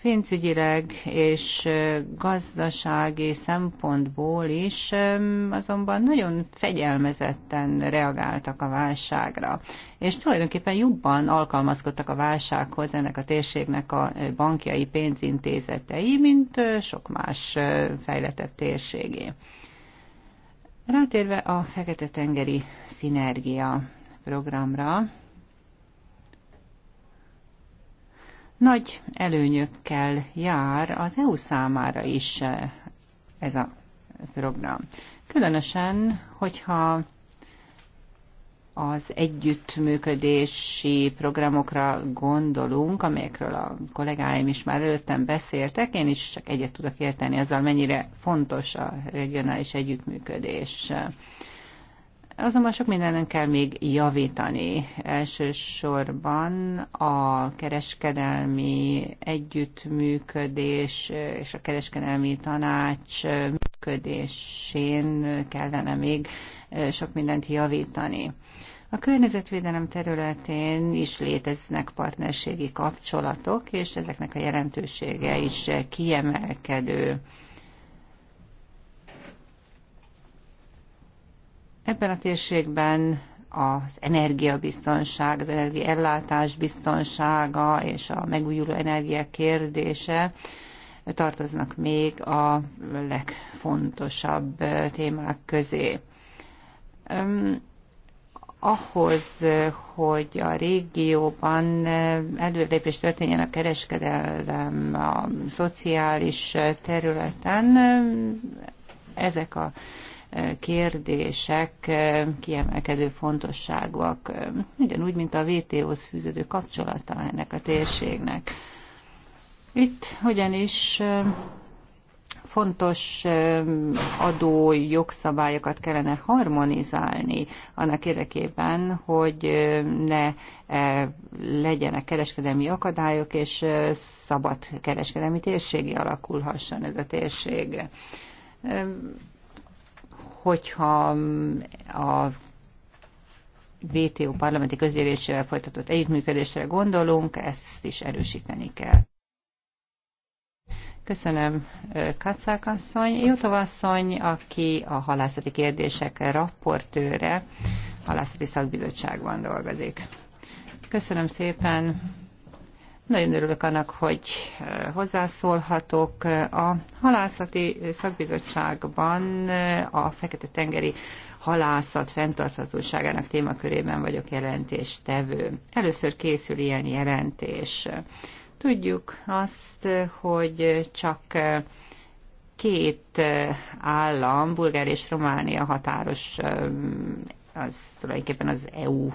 Pénzügyileg és gazdasági szempontból is azonban nagyon fegyelmezetten reagáltak a válságra, és tulajdonképpen jobban alkalmazkodtak a válsághoz ennek a térségnek a bankjai pénzintézetei, mint sok más fejlettebb térségé. Rátérve a Fekete-tengeri szinergia programra, Nagy előnyökkel jár az EU számára is eh, ez a program. Különösen, hogyha az együttműködési programokra gondolunk, amelyekről a kollégáim is már előttem beszéltek, én is csak egyet tudok érteni azzal, mennyire fontos a regionális együttműködés. Azonban sok mindenen kell még javítani. Elsősorban a kereskedelmi együttműködés és a kereskedelmi tanács működésén kellene még sok mindent javítani. A környezetvédelem területén is léteznek partnerségi kapcsolatok, és ezeknek a jelentősége is kiemelkedő. Ebben a térségben az energiabiztonság, az energiaellátás biztonsága és a megújuló energia kérdése tartoznak még a legfontosabb témák közé. Ahhoz, hogy a régióban előrelépés történjen a kereskedelem a szociális területen, ezek a kérdések kiemelkedő fontosságúak, ugyanúgy, mint a vto hoz fűződő kapcsolata ennek a térségnek. Itt ugyanis fontos adó jogszabályokat kellene harmonizálni annak érdekében, hogy ne legyenek kereskedelmi akadályok, és szabad kereskedelmi térségi alakulhasson ez a térség hogyha mm, a WTO parlamenti közgyűlésével folytatott együttműködésre gondolunk, ezt is erősíteni kell. Köszönöm Kacák asszony. Jutov asszony, aki a halászati kérdések raportőre, halászati szakbizottságban dolgozik. Köszönöm szépen. Nagyon örülök annak, hogy eh, hozzászólhatok. A halászati szakbizottságban eh, a Fekete-tengeri halászat fenntarthatóságának témakörében vagyok jelentéstevő. Először készül ilyen jelentés. Tudjuk azt, hogy csak eh, két állam, Bulgária és Románia határos az tulajdonképpen az EU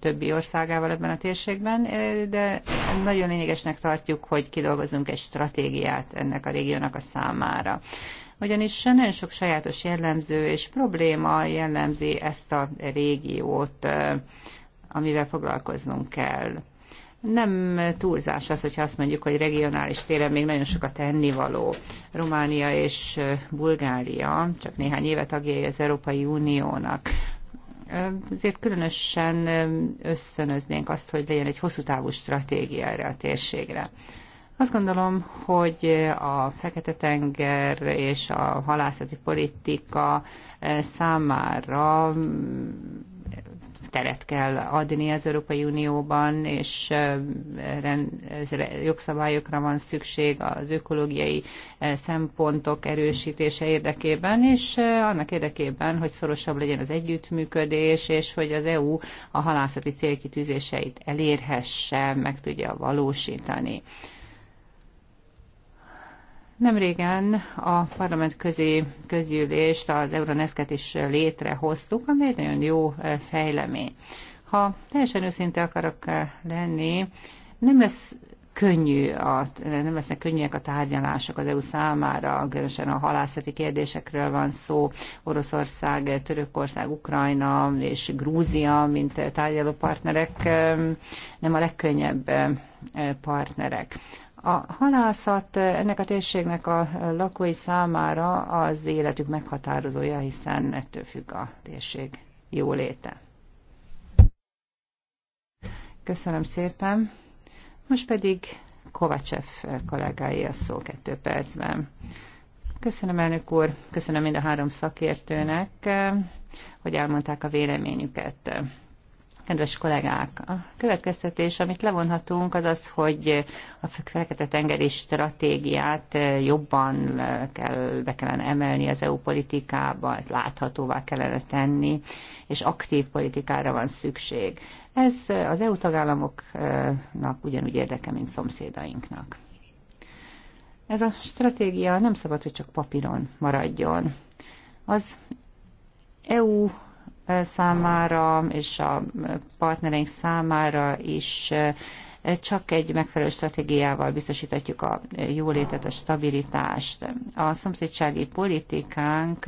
többi országával ebben a térségben, de nagyon lényegesnek tartjuk, hogy kidolgozunk egy stratégiát ennek a régiónak a számára ugyanis nagyon sok sajátos jellemző és probléma jellemzi ezt a régiót, amivel foglalkoznunk kell. Nem túlzás az, hogyha azt mondjuk, hogy regionális téren még nagyon sok a tennivaló. Románia és Bulgária csak néhány éve tagjai az Európai Uniónak. Ezért különösen összönöznénk azt, hogy legyen egy hosszú távú stratégia erre a térségre. Azt gondolom, hogy a Fekete-tenger és a halászati politika számára teret kell adni az Európai Unióban, és jogszabályokra van szükség az ökológiai szempontok erősítése érdekében, és annak érdekében, hogy szorosabb legyen az együttműködés, és hogy az EU a halászati célkitűzéseit elérhesse, meg tudja valósítani nem régen a parlament közé közgyűlést, az Euronesket is létrehoztuk, ami egy nagyon jó fejlemény. Ha teljesen őszinte akarok lenni, nem lesz könnyű, a, nem lesznek könnyűek a tárgyalások az EU számára, különösen a halászati kérdésekről van szó, Oroszország, Törökország, Ukrajna és Grúzia, mint tárgyaló partnerek nem a legkönnyebb partnerek. A halászat ennek a térségnek a lakói számára az életük meghatározója, hiszen ettől függ a térség jóléte. Köszönöm szépen. Most pedig Kovacsev kollégái a szó kettő percben. Köszönöm, elnök úr, köszönöm mind a három szakértőnek, hogy elmondták a véleményüket. Kedves kollégák, a következtetés, amit levonhatunk, az az, hogy a Fekete-tengeri stratégiát jobban kell, be kellene emelni az EU politikába, ezt láthatóvá kellene tenni, és aktív politikára van szükség. Ez az EU tagállamoknak ugyanúgy érdeke, mint szomszédainknak. Ez a stratégia nem szabad, hogy csak papíron maradjon. Az EU számára és a partnereink számára is csak egy megfelelő stratégiával biztosíthatjuk a jólétet, a stabilitást. A szomszédsági politikánk,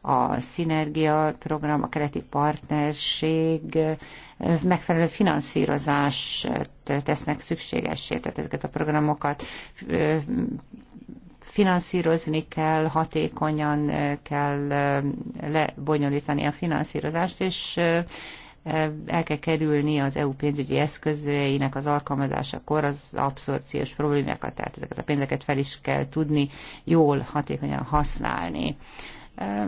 a szinergia program, a keleti partnerség megfelelő finanszírozást tesznek szükségessé, tehát ezeket a programokat finanszírozni kell, hatékonyan kell lebonyolítani a finanszírozást, és el kell kerülni az EU pénzügyi eszközeinek az alkalmazásakor az abszorciós problémákat, tehát ezeket a pénzeket fel is kell tudni jól, hatékonyan használni.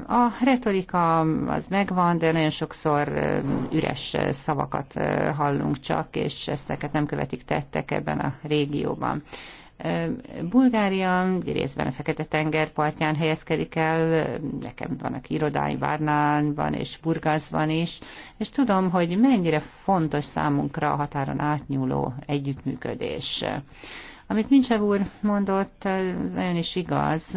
A retorika az megvan, de nagyon sokszor üres szavakat hallunk csak, és ezteket nem követik tettek ebben a régióban. Bulgária részben a Fekete-tenger partján helyezkedik el, nekem vannak Várnán van és burgaz van is, és tudom, hogy mennyire fontos számunkra a határon átnyúló együttműködés. Amit Mincsev úr mondott, az nagyon is igaz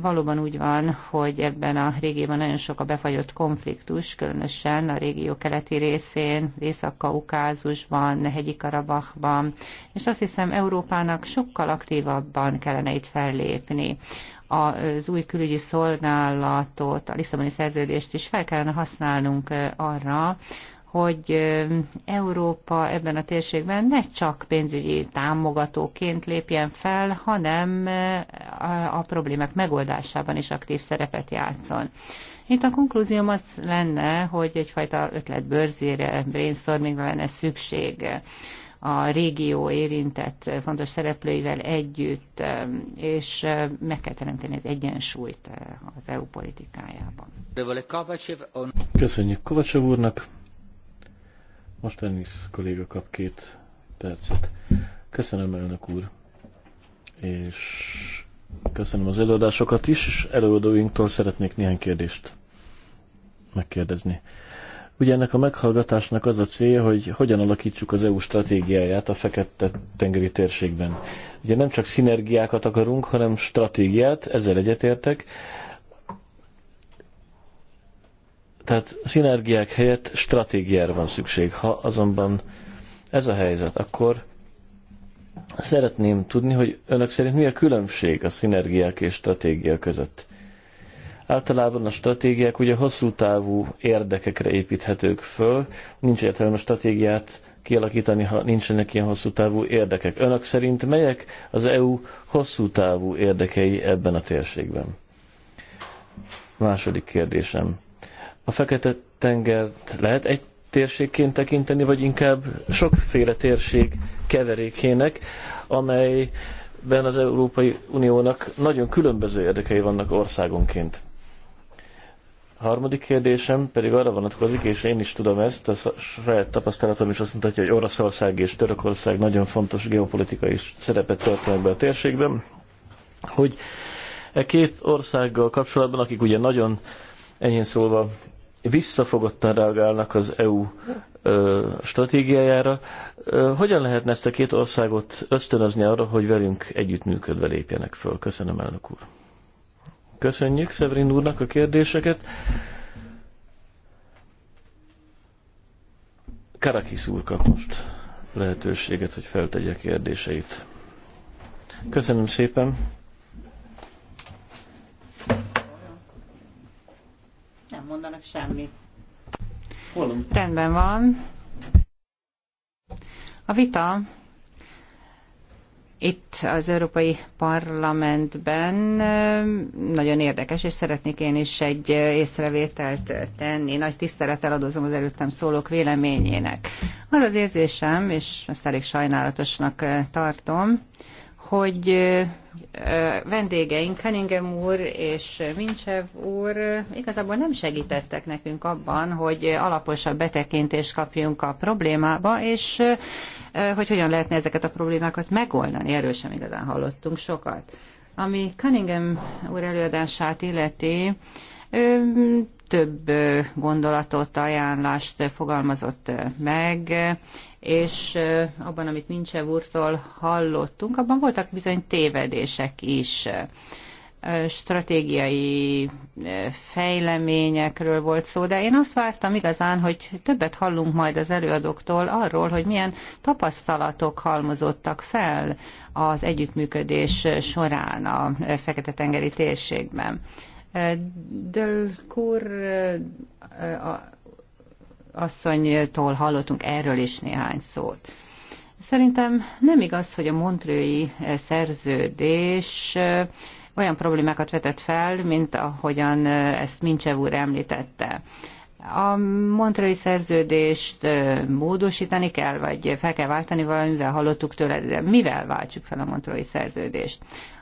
valóban úgy van, hogy ebben a régióban nagyon sok a befagyott konfliktus, különösen a régió keleti részén, Észak-Kaukázusban, Hegyi Karabachban, és azt hiszem Európának sokkal aktívabban kellene itt fellépni. Az új külügyi szolgálatot, a Lisszaboni szerződést is fel kellene használnunk eh, arra, hogy Európa ebben a térségben ne csak pénzügyi támogatóként lépjen fel, hanem a problémák megoldásában is aktív szerepet játszon. Itt a konklúzióm az lenne, hogy egyfajta ötletbörzére, brainstormingra lenne szükség a régió érintett fontos szereplőivel együtt, és meg kell teremteni az egyensúlyt az EU politikájában. Köszönjük Kovacsev úrnak! Most Ennis kolléga kap két percet. Köszönöm, elnök úr, és köszönöm az előadásokat is, és előadóinktól szeretnék néhány kérdést megkérdezni. Ugye ennek a meghallgatásnak az a célja, hogy hogyan alakítsuk az EU stratégiáját a fekete tengeri térségben. Ugye nem csak szinergiákat akarunk, hanem stratégiát, ezzel egyetértek, tehát szinergiák helyett stratégiára van szükség. Ha azonban ez a helyzet, akkor szeretném tudni, hogy önök szerint mi a különbség a szinergiák és stratégia között. Általában a stratégiák ugye hosszú távú érdekekre építhetők föl, nincs értelme a stratégiát kialakítani, ha nincsenek ilyen hosszú távú érdekek. Önök szerint melyek az EU hosszú távú érdekei ebben a térségben? Második kérdésem a Fekete-tengert lehet egy térségként tekinteni, vagy inkább sokféle térség keverékének, amelyben az Európai Uniónak nagyon különböző érdekei vannak országonként. A harmadik kérdésem pedig arra vonatkozik, és én is tudom ezt, a saját tapasztalatom is azt mutatja, hogy Oroszország és Törökország nagyon fontos geopolitikai szerepet töltenek be a térségben, hogy e két országgal kapcsolatban, akik ugye nagyon enyhén szólva visszafogottan reagálnak az EU ö, stratégiájára. Ö, hogyan lehetne ezt a két országot ösztönözni arra, hogy velünk együttműködve lépjenek föl? Köszönöm, elnök úr. Köszönjük Szevrin úrnak a kérdéseket. Karakis úr kap most lehetőséget, hogy feltegye kérdéseit. Köszönöm szépen. Nem mondanak semmit. Holom. Rendben van. A vita itt az Európai Parlamentben nagyon érdekes, és szeretnék én is egy észrevételt tenni. Nagy tisztelettel adózom az előttem szólók véleményének. Az az érzésem, és azt elég sajnálatosnak tartom, hogy vendégeink Cunningham úr és Mincsev úr igazából nem segítettek nekünk abban, hogy alaposabb betekintést kapjunk a problémába, és hogy hogyan lehetne ezeket a problémákat megoldani. Erről sem igazán hallottunk sokat. Ami Cunningham úr előadását illeti, több gondolatot, ajánlást fogalmazott meg, és abban, amit Mince úrtól hallottunk, abban voltak bizony tévedések is stratégiai fejleményekről volt szó, de én azt vártam igazán, hogy többet hallunk majd az előadóktól arról, hogy milyen tapasztalatok halmozottak fel az együttműködés során a Fekete-tengeri térségben. Dölkur eh, asszonytól hallottunk erről is néhány szót. Szerintem nem igaz, hogy a Montrői eh, szerződés eh, olyan problémákat vetett fel, mint ahogyan ezt Mincsev úr említette. A Montrői szerződést módosítani kell, vagy fel kell váltani valamivel, hallottuk tőle, de mivel váltsuk fel a Montrői szerződést?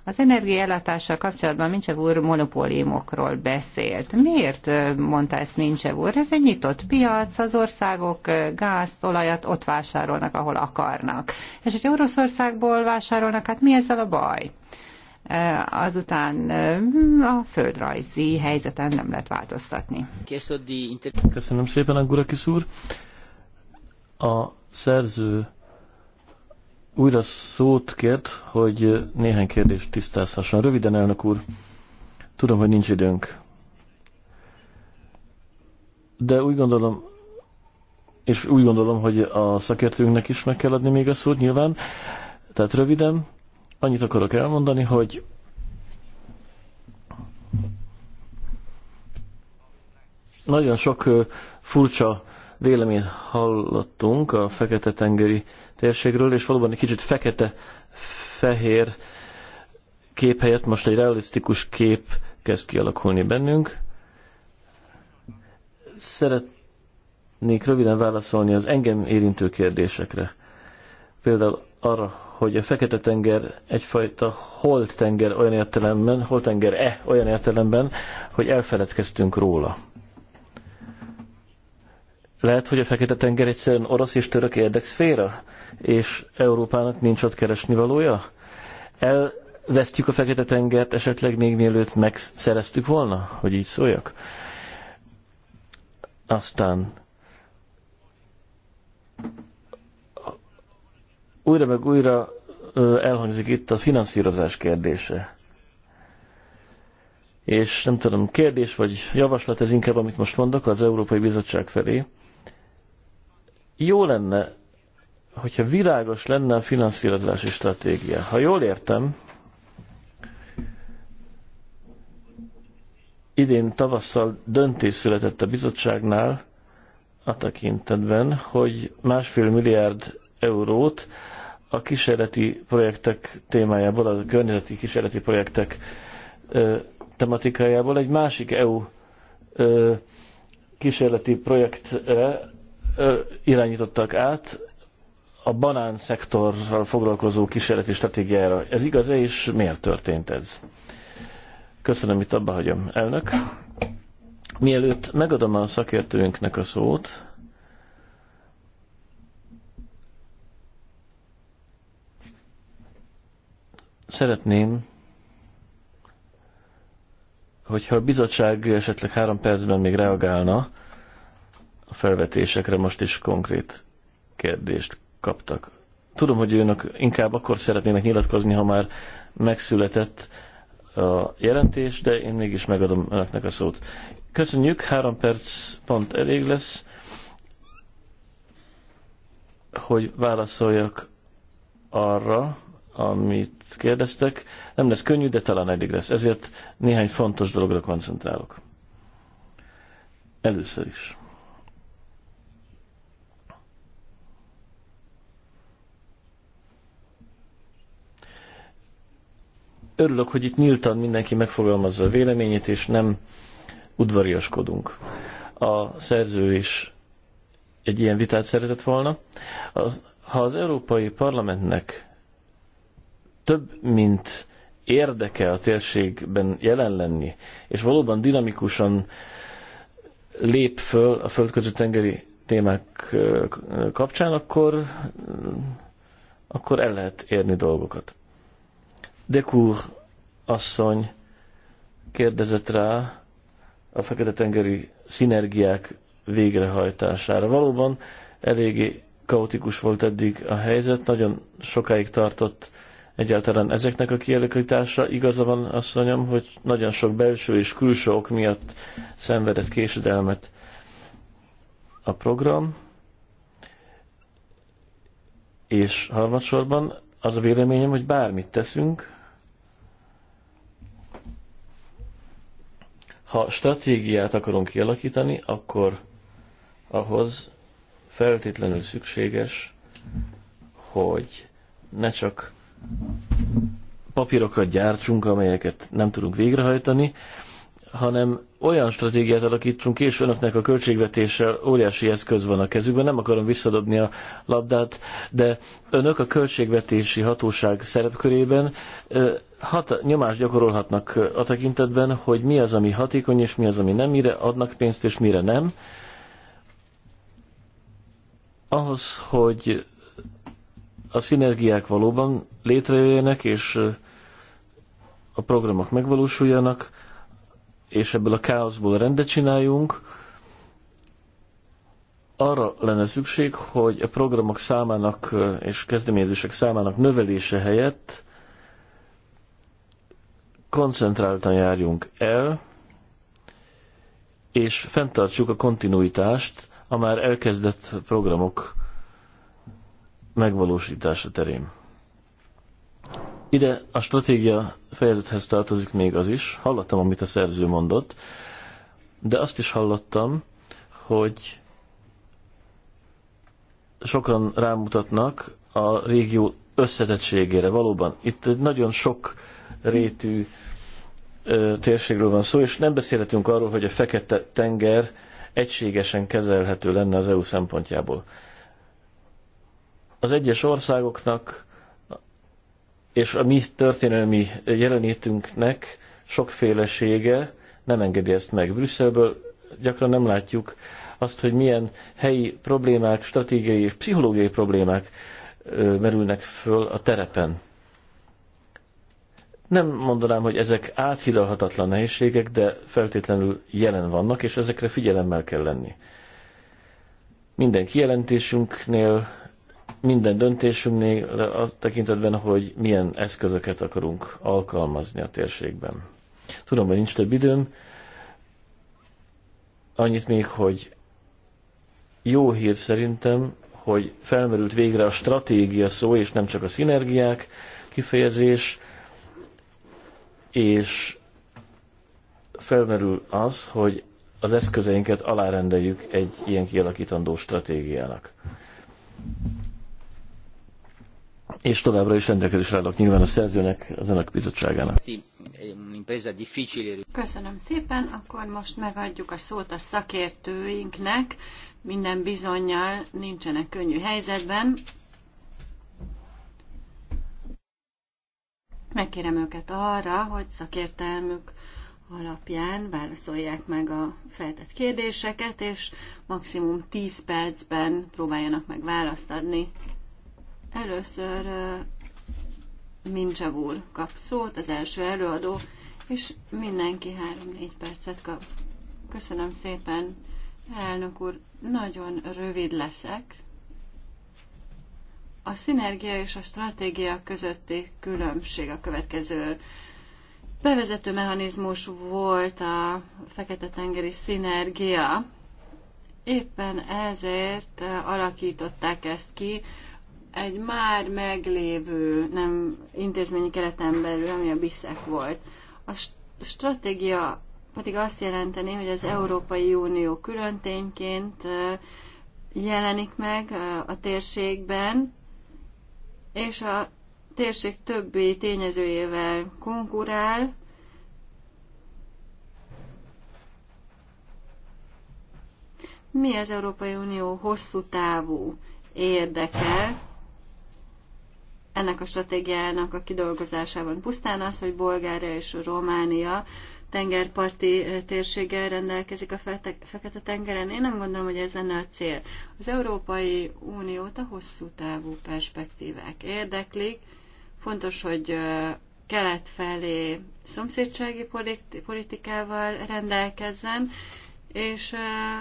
Az energiállátással kapcsolatban Mincsev úr monopóliumokról beszélt. Miért mondta ezt Mincsev úr? Ez egy nyitott piac, az országok gázt, olajat ott vásárolnak, ahol akarnak. És hogy Oroszországból vásárolnak, hát mi ezzel a baj? azután a földrajzi helyzeten nem lehet változtatni. Köszönöm szépen, Angurakis úr. A szerző újra szót kért, hogy néhány kérdést tisztázhasson. Röviden, elnök úr, tudom, hogy nincs időnk. De úgy gondolom, és úgy gondolom, hogy a szakértőnknek is meg kell adni még a szót nyilván. Tehát röviden, annyit akarok elmondani, hogy nagyon sok furcsa véleményt hallottunk a Fekete-tengeri térségről, és valóban egy kicsit fekete-fehér kép helyett most egy realisztikus kép kezd kialakulni bennünk. Szeretnék röviden válaszolni az engem érintő kérdésekre. Például arra, hogy a Fekete-tenger egyfajta holt-tenger olyan értelemben, tenger e olyan értelemben, hogy elfeledkeztünk róla lehet, hogy a Fekete-tenger egyszerűen orosz és török érdekszféra, és Európának nincs ott keresni valója? Elvesztjük a Fekete-tengert esetleg még mielőtt megszereztük volna, hogy így szóljak? Aztán újra meg újra elhangzik itt a finanszírozás kérdése. És nem tudom, kérdés vagy javaslat ez inkább, amit most mondok, az Európai Bizottság felé jó lenne, hogyha világos lenne a finanszírozási stratégia. Ha jól értem, idén tavasszal döntés született a bizottságnál a tekintetben, hogy másfél milliárd eurót a kísérleti projektek témájából, a környezeti kísérleti projektek ö, tematikájából egy másik EU ö, kísérleti projektre irányítottak át a banán szektorral foglalkozó kísérleti stratégiára. Ez igaz-e, és miért történt ez? Köszönöm, itt abba hagyom. Elnök, mielőtt megadom a szakértőnknek a szót, szeretném, hogyha a bizottság esetleg három percben még reagálna, a felvetésekre most is konkrét kérdést kaptak. Tudom, hogy önök inkább akkor szeretnének nyilatkozni, ha már megszületett a jelentés, de én mégis megadom önöknek a szót. Köszönjük, három perc pont elég lesz, hogy válaszoljak arra, amit kérdeztek. Nem lesz könnyű, de talán eddig lesz. Ezért néhány fontos dologra koncentrálok. Először is. Örülök, hogy itt nyíltan mindenki megfogalmazza a véleményét, és nem udvariaskodunk. A szerző is egy ilyen vitát szeretett volna. Ha az Európai Parlamentnek több, mint érdeke a térségben jelen lenni, és valóban dinamikusan lép föl a földközi tengeri témák kapcsán, akkor, akkor el lehet érni dolgokat. Dekúr asszony kérdezett rá a Fekete-tengeri szinergiák végrehajtására. Valóban eléggé kaotikus volt eddig a helyzet, nagyon sokáig tartott egyáltalán ezeknek a kialakítása. Igaza van, asszonyom, hogy nagyon sok belső és külső ok miatt szenvedett késedelmet a program, és harmadsorban az a véleményem, hogy bármit teszünk, Ha stratégiát akarunk kialakítani, akkor ahhoz feltétlenül szükséges, hogy ne csak papírokat gyártsunk, amelyeket nem tudunk végrehajtani, hanem olyan stratégiát alakítsunk, és önöknek a költségvetéssel óriási eszköz van a kezükben, nem akarom visszadobni a labdát, de önök a költségvetési hatóság szerepkörében hat, nyomást gyakorolhatnak a tekintetben, hogy mi az, ami hatékony, és mi az, ami nem, mire adnak pénzt, és mire nem. Ahhoz, hogy a szinergiák valóban létrejöjjenek, és a programok megvalósuljanak, és ebből a káoszból rendet csináljunk, arra lenne szükség, hogy a programok számának és kezdeményezések számának növelése helyett koncentráltan járjunk el, és fenntartsuk a kontinuitást a már elkezdett programok megvalósítása terén. Ide a stratégia fejezethez tartozik még az is. Hallottam, amit a szerző mondott, de azt is hallottam, hogy sokan rámutatnak a régió összetettségére. Valóban itt egy nagyon sok rétű ö, térségről van szó, és nem beszélhetünk arról, hogy a fekete tenger egységesen kezelhető lenne az EU szempontjából. Az egyes országoknak és a mi történelmi jelenlétünknek sokfélesége nem engedi ezt meg. Brüsszelből gyakran nem látjuk azt, hogy milyen helyi problémák, stratégiai és pszichológiai problémák merülnek föl a terepen. Nem mondanám, hogy ezek áthidalhatatlan nehézségek, de feltétlenül jelen vannak, és ezekre figyelemmel kell lenni. Minden kijelentésünknél, minden döntésünknél a tekintetben, hogy milyen eszközöket akarunk alkalmazni a térségben. Tudom, hogy nincs több időm, annyit még, hogy jó hír szerintem, hogy felmerült végre a stratégia szó, és nem csak a szinergiák kifejezés, és felmerül az, hogy az eszközeinket alárendeljük egy ilyen kialakítandó stratégiának. És továbbra is rendelkezésre állok nyilván a szerzőnek, az önök bizottságának. Köszönöm szépen, akkor most megadjuk a szót a szakértőinknek. Minden bizonyal nincsenek könnyű helyzetben, Megkérem őket arra, hogy szakértelmük alapján válaszolják meg a feltett kérdéseket, és maximum 10 percben próbáljanak meg választ adni. Először Mincsev úr kap szót, az első előadó, és mindenki 3-4 percet kap. Köszönöm szépen, elnök úr, nagyon rövid leszek. A szinergia és a stratégia közötti különbség a következő bevezető mechanizmus volt a Fekete-tengeri szinergia. Éppen ezért eh, alakították ezt ki egy már meglévő nem intézményi kereten belül, ami a BISZEK volt. A stratégia pedig azt jelenteni, hogy az Európai Unió külön eh, jelenik meg eh, a térségben, és a térség többi tényezőjével konkurál, mi az Európai Unió hosszú távú érdeke ennek a stratégiának a kidolgozásában? Pusztán az, hogy Bulgária és Románia tengerparti térséggel rendelkezik a Fekete-tengeren. Én nem gondolom, hogy ez lenne a cél. Az Európai Uniót a hosszú távú perspektívák érdeklik. Fontos, hogy kelet felé szomszédsági politikával rendelkezzen, és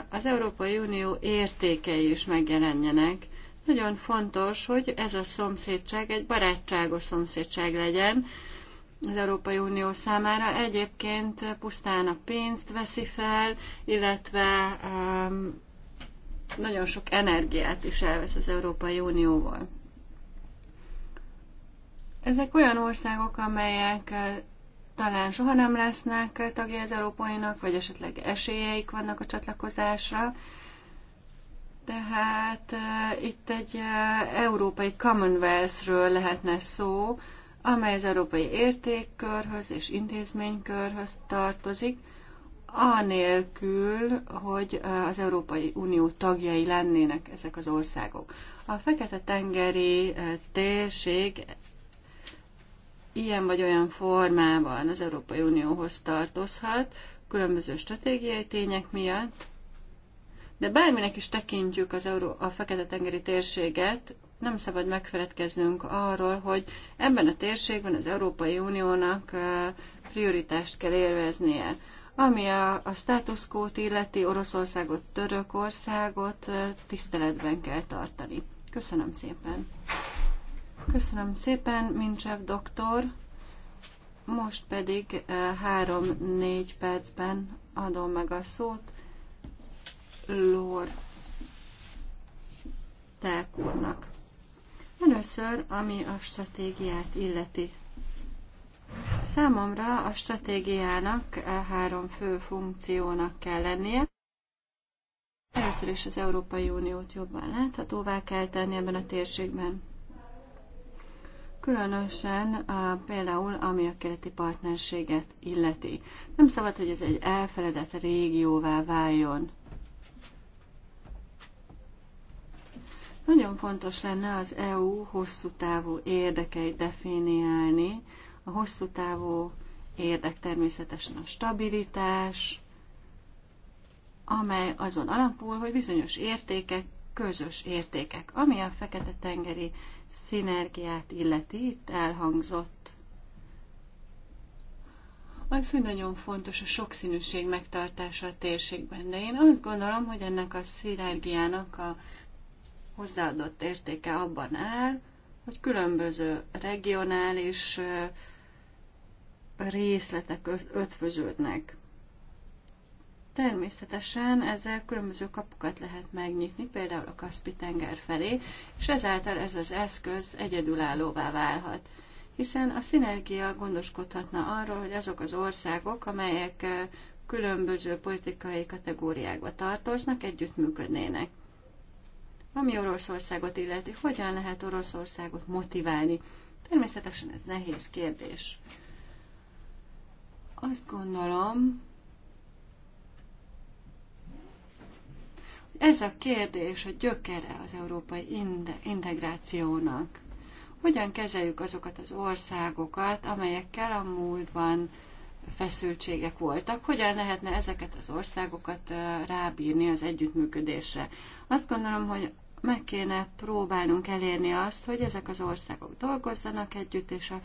az Európai Unió értékei is megjelenjenek. Nagyon fontos, hogy ez a szomszédság egy barátságos szomszédság legyen, az Európai Unió számára. Egyébként pusztán a pénzt veszi fel, illetve um, nagyon sok energiát is elvesz az Európai Unióból. Ezek olyan országok, amelyek uh, talán soha nem lesznek tagja az Európainak, vagy esetleg esélyeik vannak a csatlakozásra. Tehát uh, itt egy uh, európai Commonwealth-ről lehetne szó, amely az európai értékkörhöz és intézménykörhöz tartozik, anélkül, hogy az Európai Unió tagjai lennének ezek az országok. A Fekete-tengeri térség ilyen vagy olyan formában az Európai Unióhoz tartozhat, különböző stratégiai tények miatt, de bárminek is tekintjük az Euró- a Fekete-tengeri térséget, nem szabad megfeledkeznünk arról, hogy ebben a térségben az Európai Uniónak eh, prioritást kell élveznie. Ami a, a státuszkót illeti Oroszországot, Törökországot eh, tiszteletben kell tartani. Köszönöm szépen. Köszönöm szépen, Mincsev doktor. Most pedig eh, három-négy percben adom meg a szót Lord Telk Először, ami a stratégiát illeti. Számomra a stratégiának e három fő funkciónak kell lennie. Először is az Európai Uniót jobban láthatóvá kell tenni ebben a térségben. Különösen a, például, ami a keleti partnerséget illeti. Nem szabad, hogy ez egy elfeledett régióvá váljon. Nagyon fontos lenne az EU hosszú távú érdekeit definiálni. A hosszú távú érdek természetesen a stabilitás, amely azon alapul, hogy bizonyos értékek, közös értékek, ami a Fekete-tengeri szinergiát illeti, itt elhangzott. Az, hogy nagyon fontos a sokszínűség megtartása a térségben, de én azt gondolom, hogy ennek a szinergiának a hozzáadott értéke abban áll, hogy különböző regionális részletek ötvöződnek. Természetesen ezzel különböző kapukat lehet megnyitni, például a Kaspi-tenger felé, és ezáltal ez az eszköz egyedülállóvá válhat. Hiszen a szinergia gondoskodhatna arról, hogy azok az országok, amelyek különböző politikai kategóriákba tartoznak, együttműködnének. Ami Oroszországot illeti, hogyan lehet Oroszországot motiválni? Természetesen ez nehéz kérdés. Azt gondolom, Ez a kérdés a gyökere az európai integrációnak. Hogyan kezeljük azokat az országokat, amelyekkel a múltban feszültségek voltak? Hogyan lehetne ezeket az országokat rábírni az együttműködésre? Azt gondolom, hogy meg kéne próbálnunk elérni azt, hogy ezek az országok dolgozzanak együtt, és a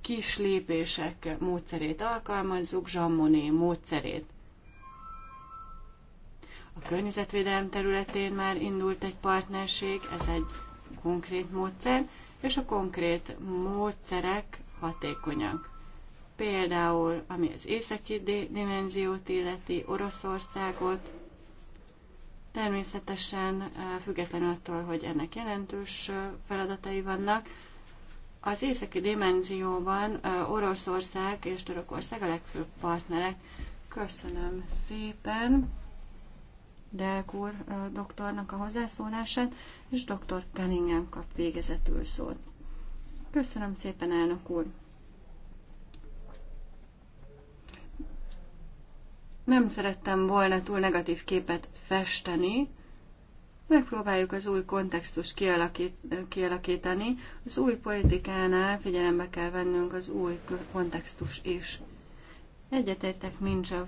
kis lépések módszerét alkalmazzuk, zsammoné módszerét. A környezetvédelem területén már indult egy partnerség, ez egy konkrét módszer, és a konkrét módszerek hatékonyak. Például, ami az északi dimenziót illeti, Oroszországot, Természetesen függetlenül attól, hogy ennek jelentős feladatai vannak, az északi dimenzióban Oroszország és Törökország a legfőbb partnerek. Köszönöm szépen Delk úr doktornak a hozzászólását, és dr. Cunningham kap végezetül szót. Köszönöm szépen, elnök úr! Nem szerettem volna túl negatív képet festeni, megpróbáljuk az új kontextus kialakít, kialakítani. Az új politikánál figyelembe kell vennünk az új kontextus is. Egyetértek Mincsav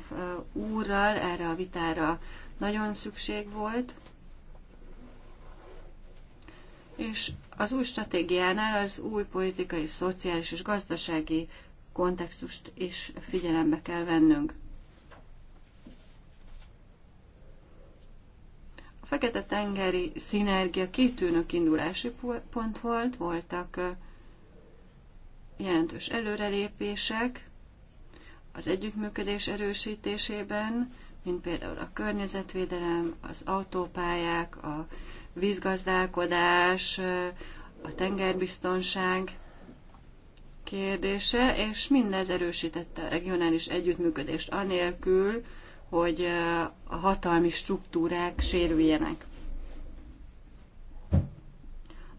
úrral, erre a vitára nagyon szükség volt, és az új stratégiánál az új politikai, szociális és gazdasági kontextust is figyelembe kell vennünk. Fekete-tengeri szinergia kitűnő indulási pont volt, voltak jelentős előrelépések az együttműködés erősítésében, mint például a környezetvédelem, az autópályák, a vízgazdálkodás, a tengerbiztonság kérdése, és mindez erősítette a regionális együttműködést anélkül, hogy a hatalmi struktúrák sérüljenek.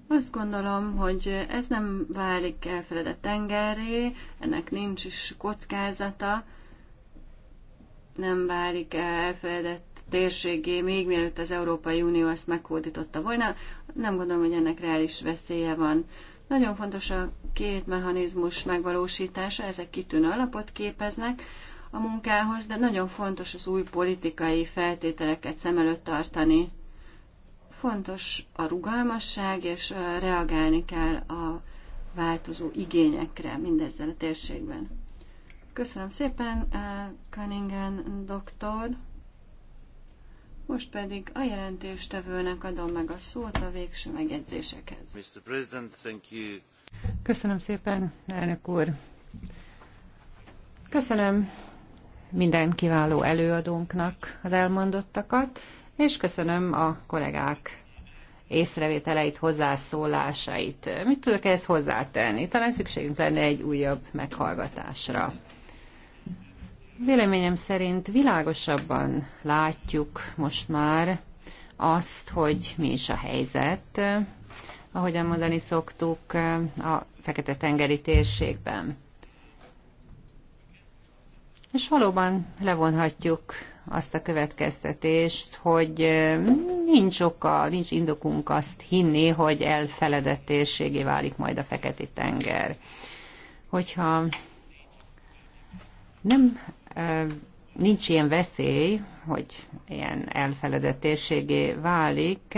Azt gondolom, hogy ez nem válik elfeledett tengerré, ennek nincs is kockázata, nem válik elfeledett térségé, még mielőtt az Európai Unió ezt meghódította volna. Nem gondolom, hogy ennek reális veszélye van. Nagyon fontos a két mechanizmus megvalósítása, ezek kitűnő alapot képeznek, a munkához, de nagyon fontos az új politikai feltételeket szem előtt tartani. Fontos a rugalmasság, és reagálni kell a változó igényekre mindezzel a térségben. Köszönöm szépen, Cunningham doktor. Most pedig a jelentéstevőnek adom meg a szót a végső megjegyzésekhez. Mr. President, thank you. Köszönöm szépen, elnök úr. Köszönöm minden kiváló előadónknak az elmondottakat, és köszönöm a kollégák észrevételeit, hozzászólásait. Mit tudok ehhez hozzátenni? Talán szükségünk lenne egy újabb meghallgatásra. Véleményem szerint világosabban látjuk most már azt, hogy mi is a helyzet, ahogyan mondani szoktuk, a Fekete-tengeri térségben. És valóban levonhatjuk azt a következtetést, hogy nincs oka, nincs indokunk azt hinni, hogy elfeledettéségé válik majd a Feketi-tenger. Hogyha nem nincs ilyen veszély, hogy ilyen elfeledett térségé válik,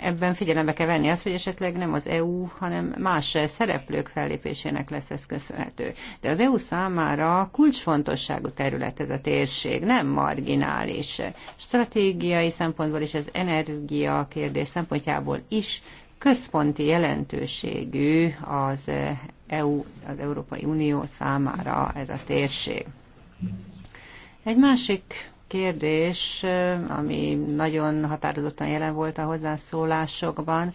ebben figyelembe kell venni azt, hogy esetleg nem az EU, hanem más szereplők fellépésének lesz ez köszönhető. De az EU számára kulcsfontosságú terület ez a térség, nem marginális. Stratégiai szempontból és az energia kérdés szempontjából is központi jelentőségű az EU, az Európai Unió számára ez a térség. Egy másik kérdés, ami nagyon határozottan jelen volt a hozzászólásokban,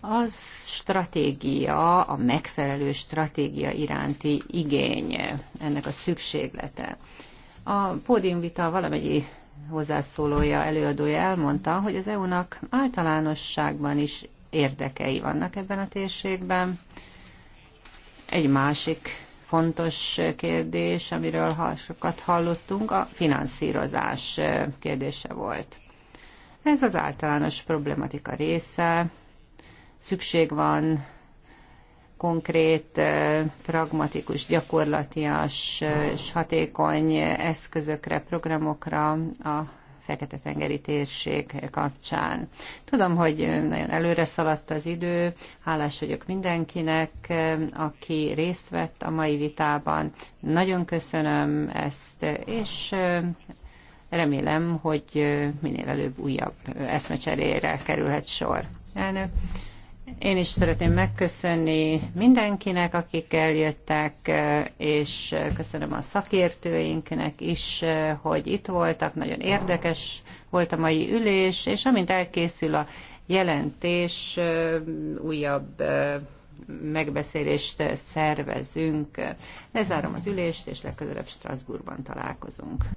az stratégia, a megfelelő stratégia iránti igény, ennek a szükséglete. A pódiumvita valamennyi hozzászólója, előadója elmondta, hogy az EU-nak általánosságban is érdekei vannak ebben a térségben. Egy másik fontos kérdés, amiről sokat hallottunk, a finanszírozás kérdése volt. Ez az általános problematika része. Szükség van konkrét, pragmatikus, gyakorlatias és hatékony eszközökre, programokra a Fekete-tengeri térség kapcsán. Tudom, hogy nagyon előre szaladt az idő, hálás vagyok mindenkinek, aki részt vett a mai vitában. Nagyon köszönöm ezt, és remélem, hogy minél előbb újabb eszmecserére kerülhet sor. Elnök. Én is szeretném megköszönni mindenkinek, akik eljöttek, és köszönöm a szakértőinknek is, hogy itt voltak. Nagyon érdekes volt a mai ülés, és amint elkészül a jelentés, újabb megbeszélést szervezünk. Lezárom az ülést, és legközelebb Strasbourgban találkozunk.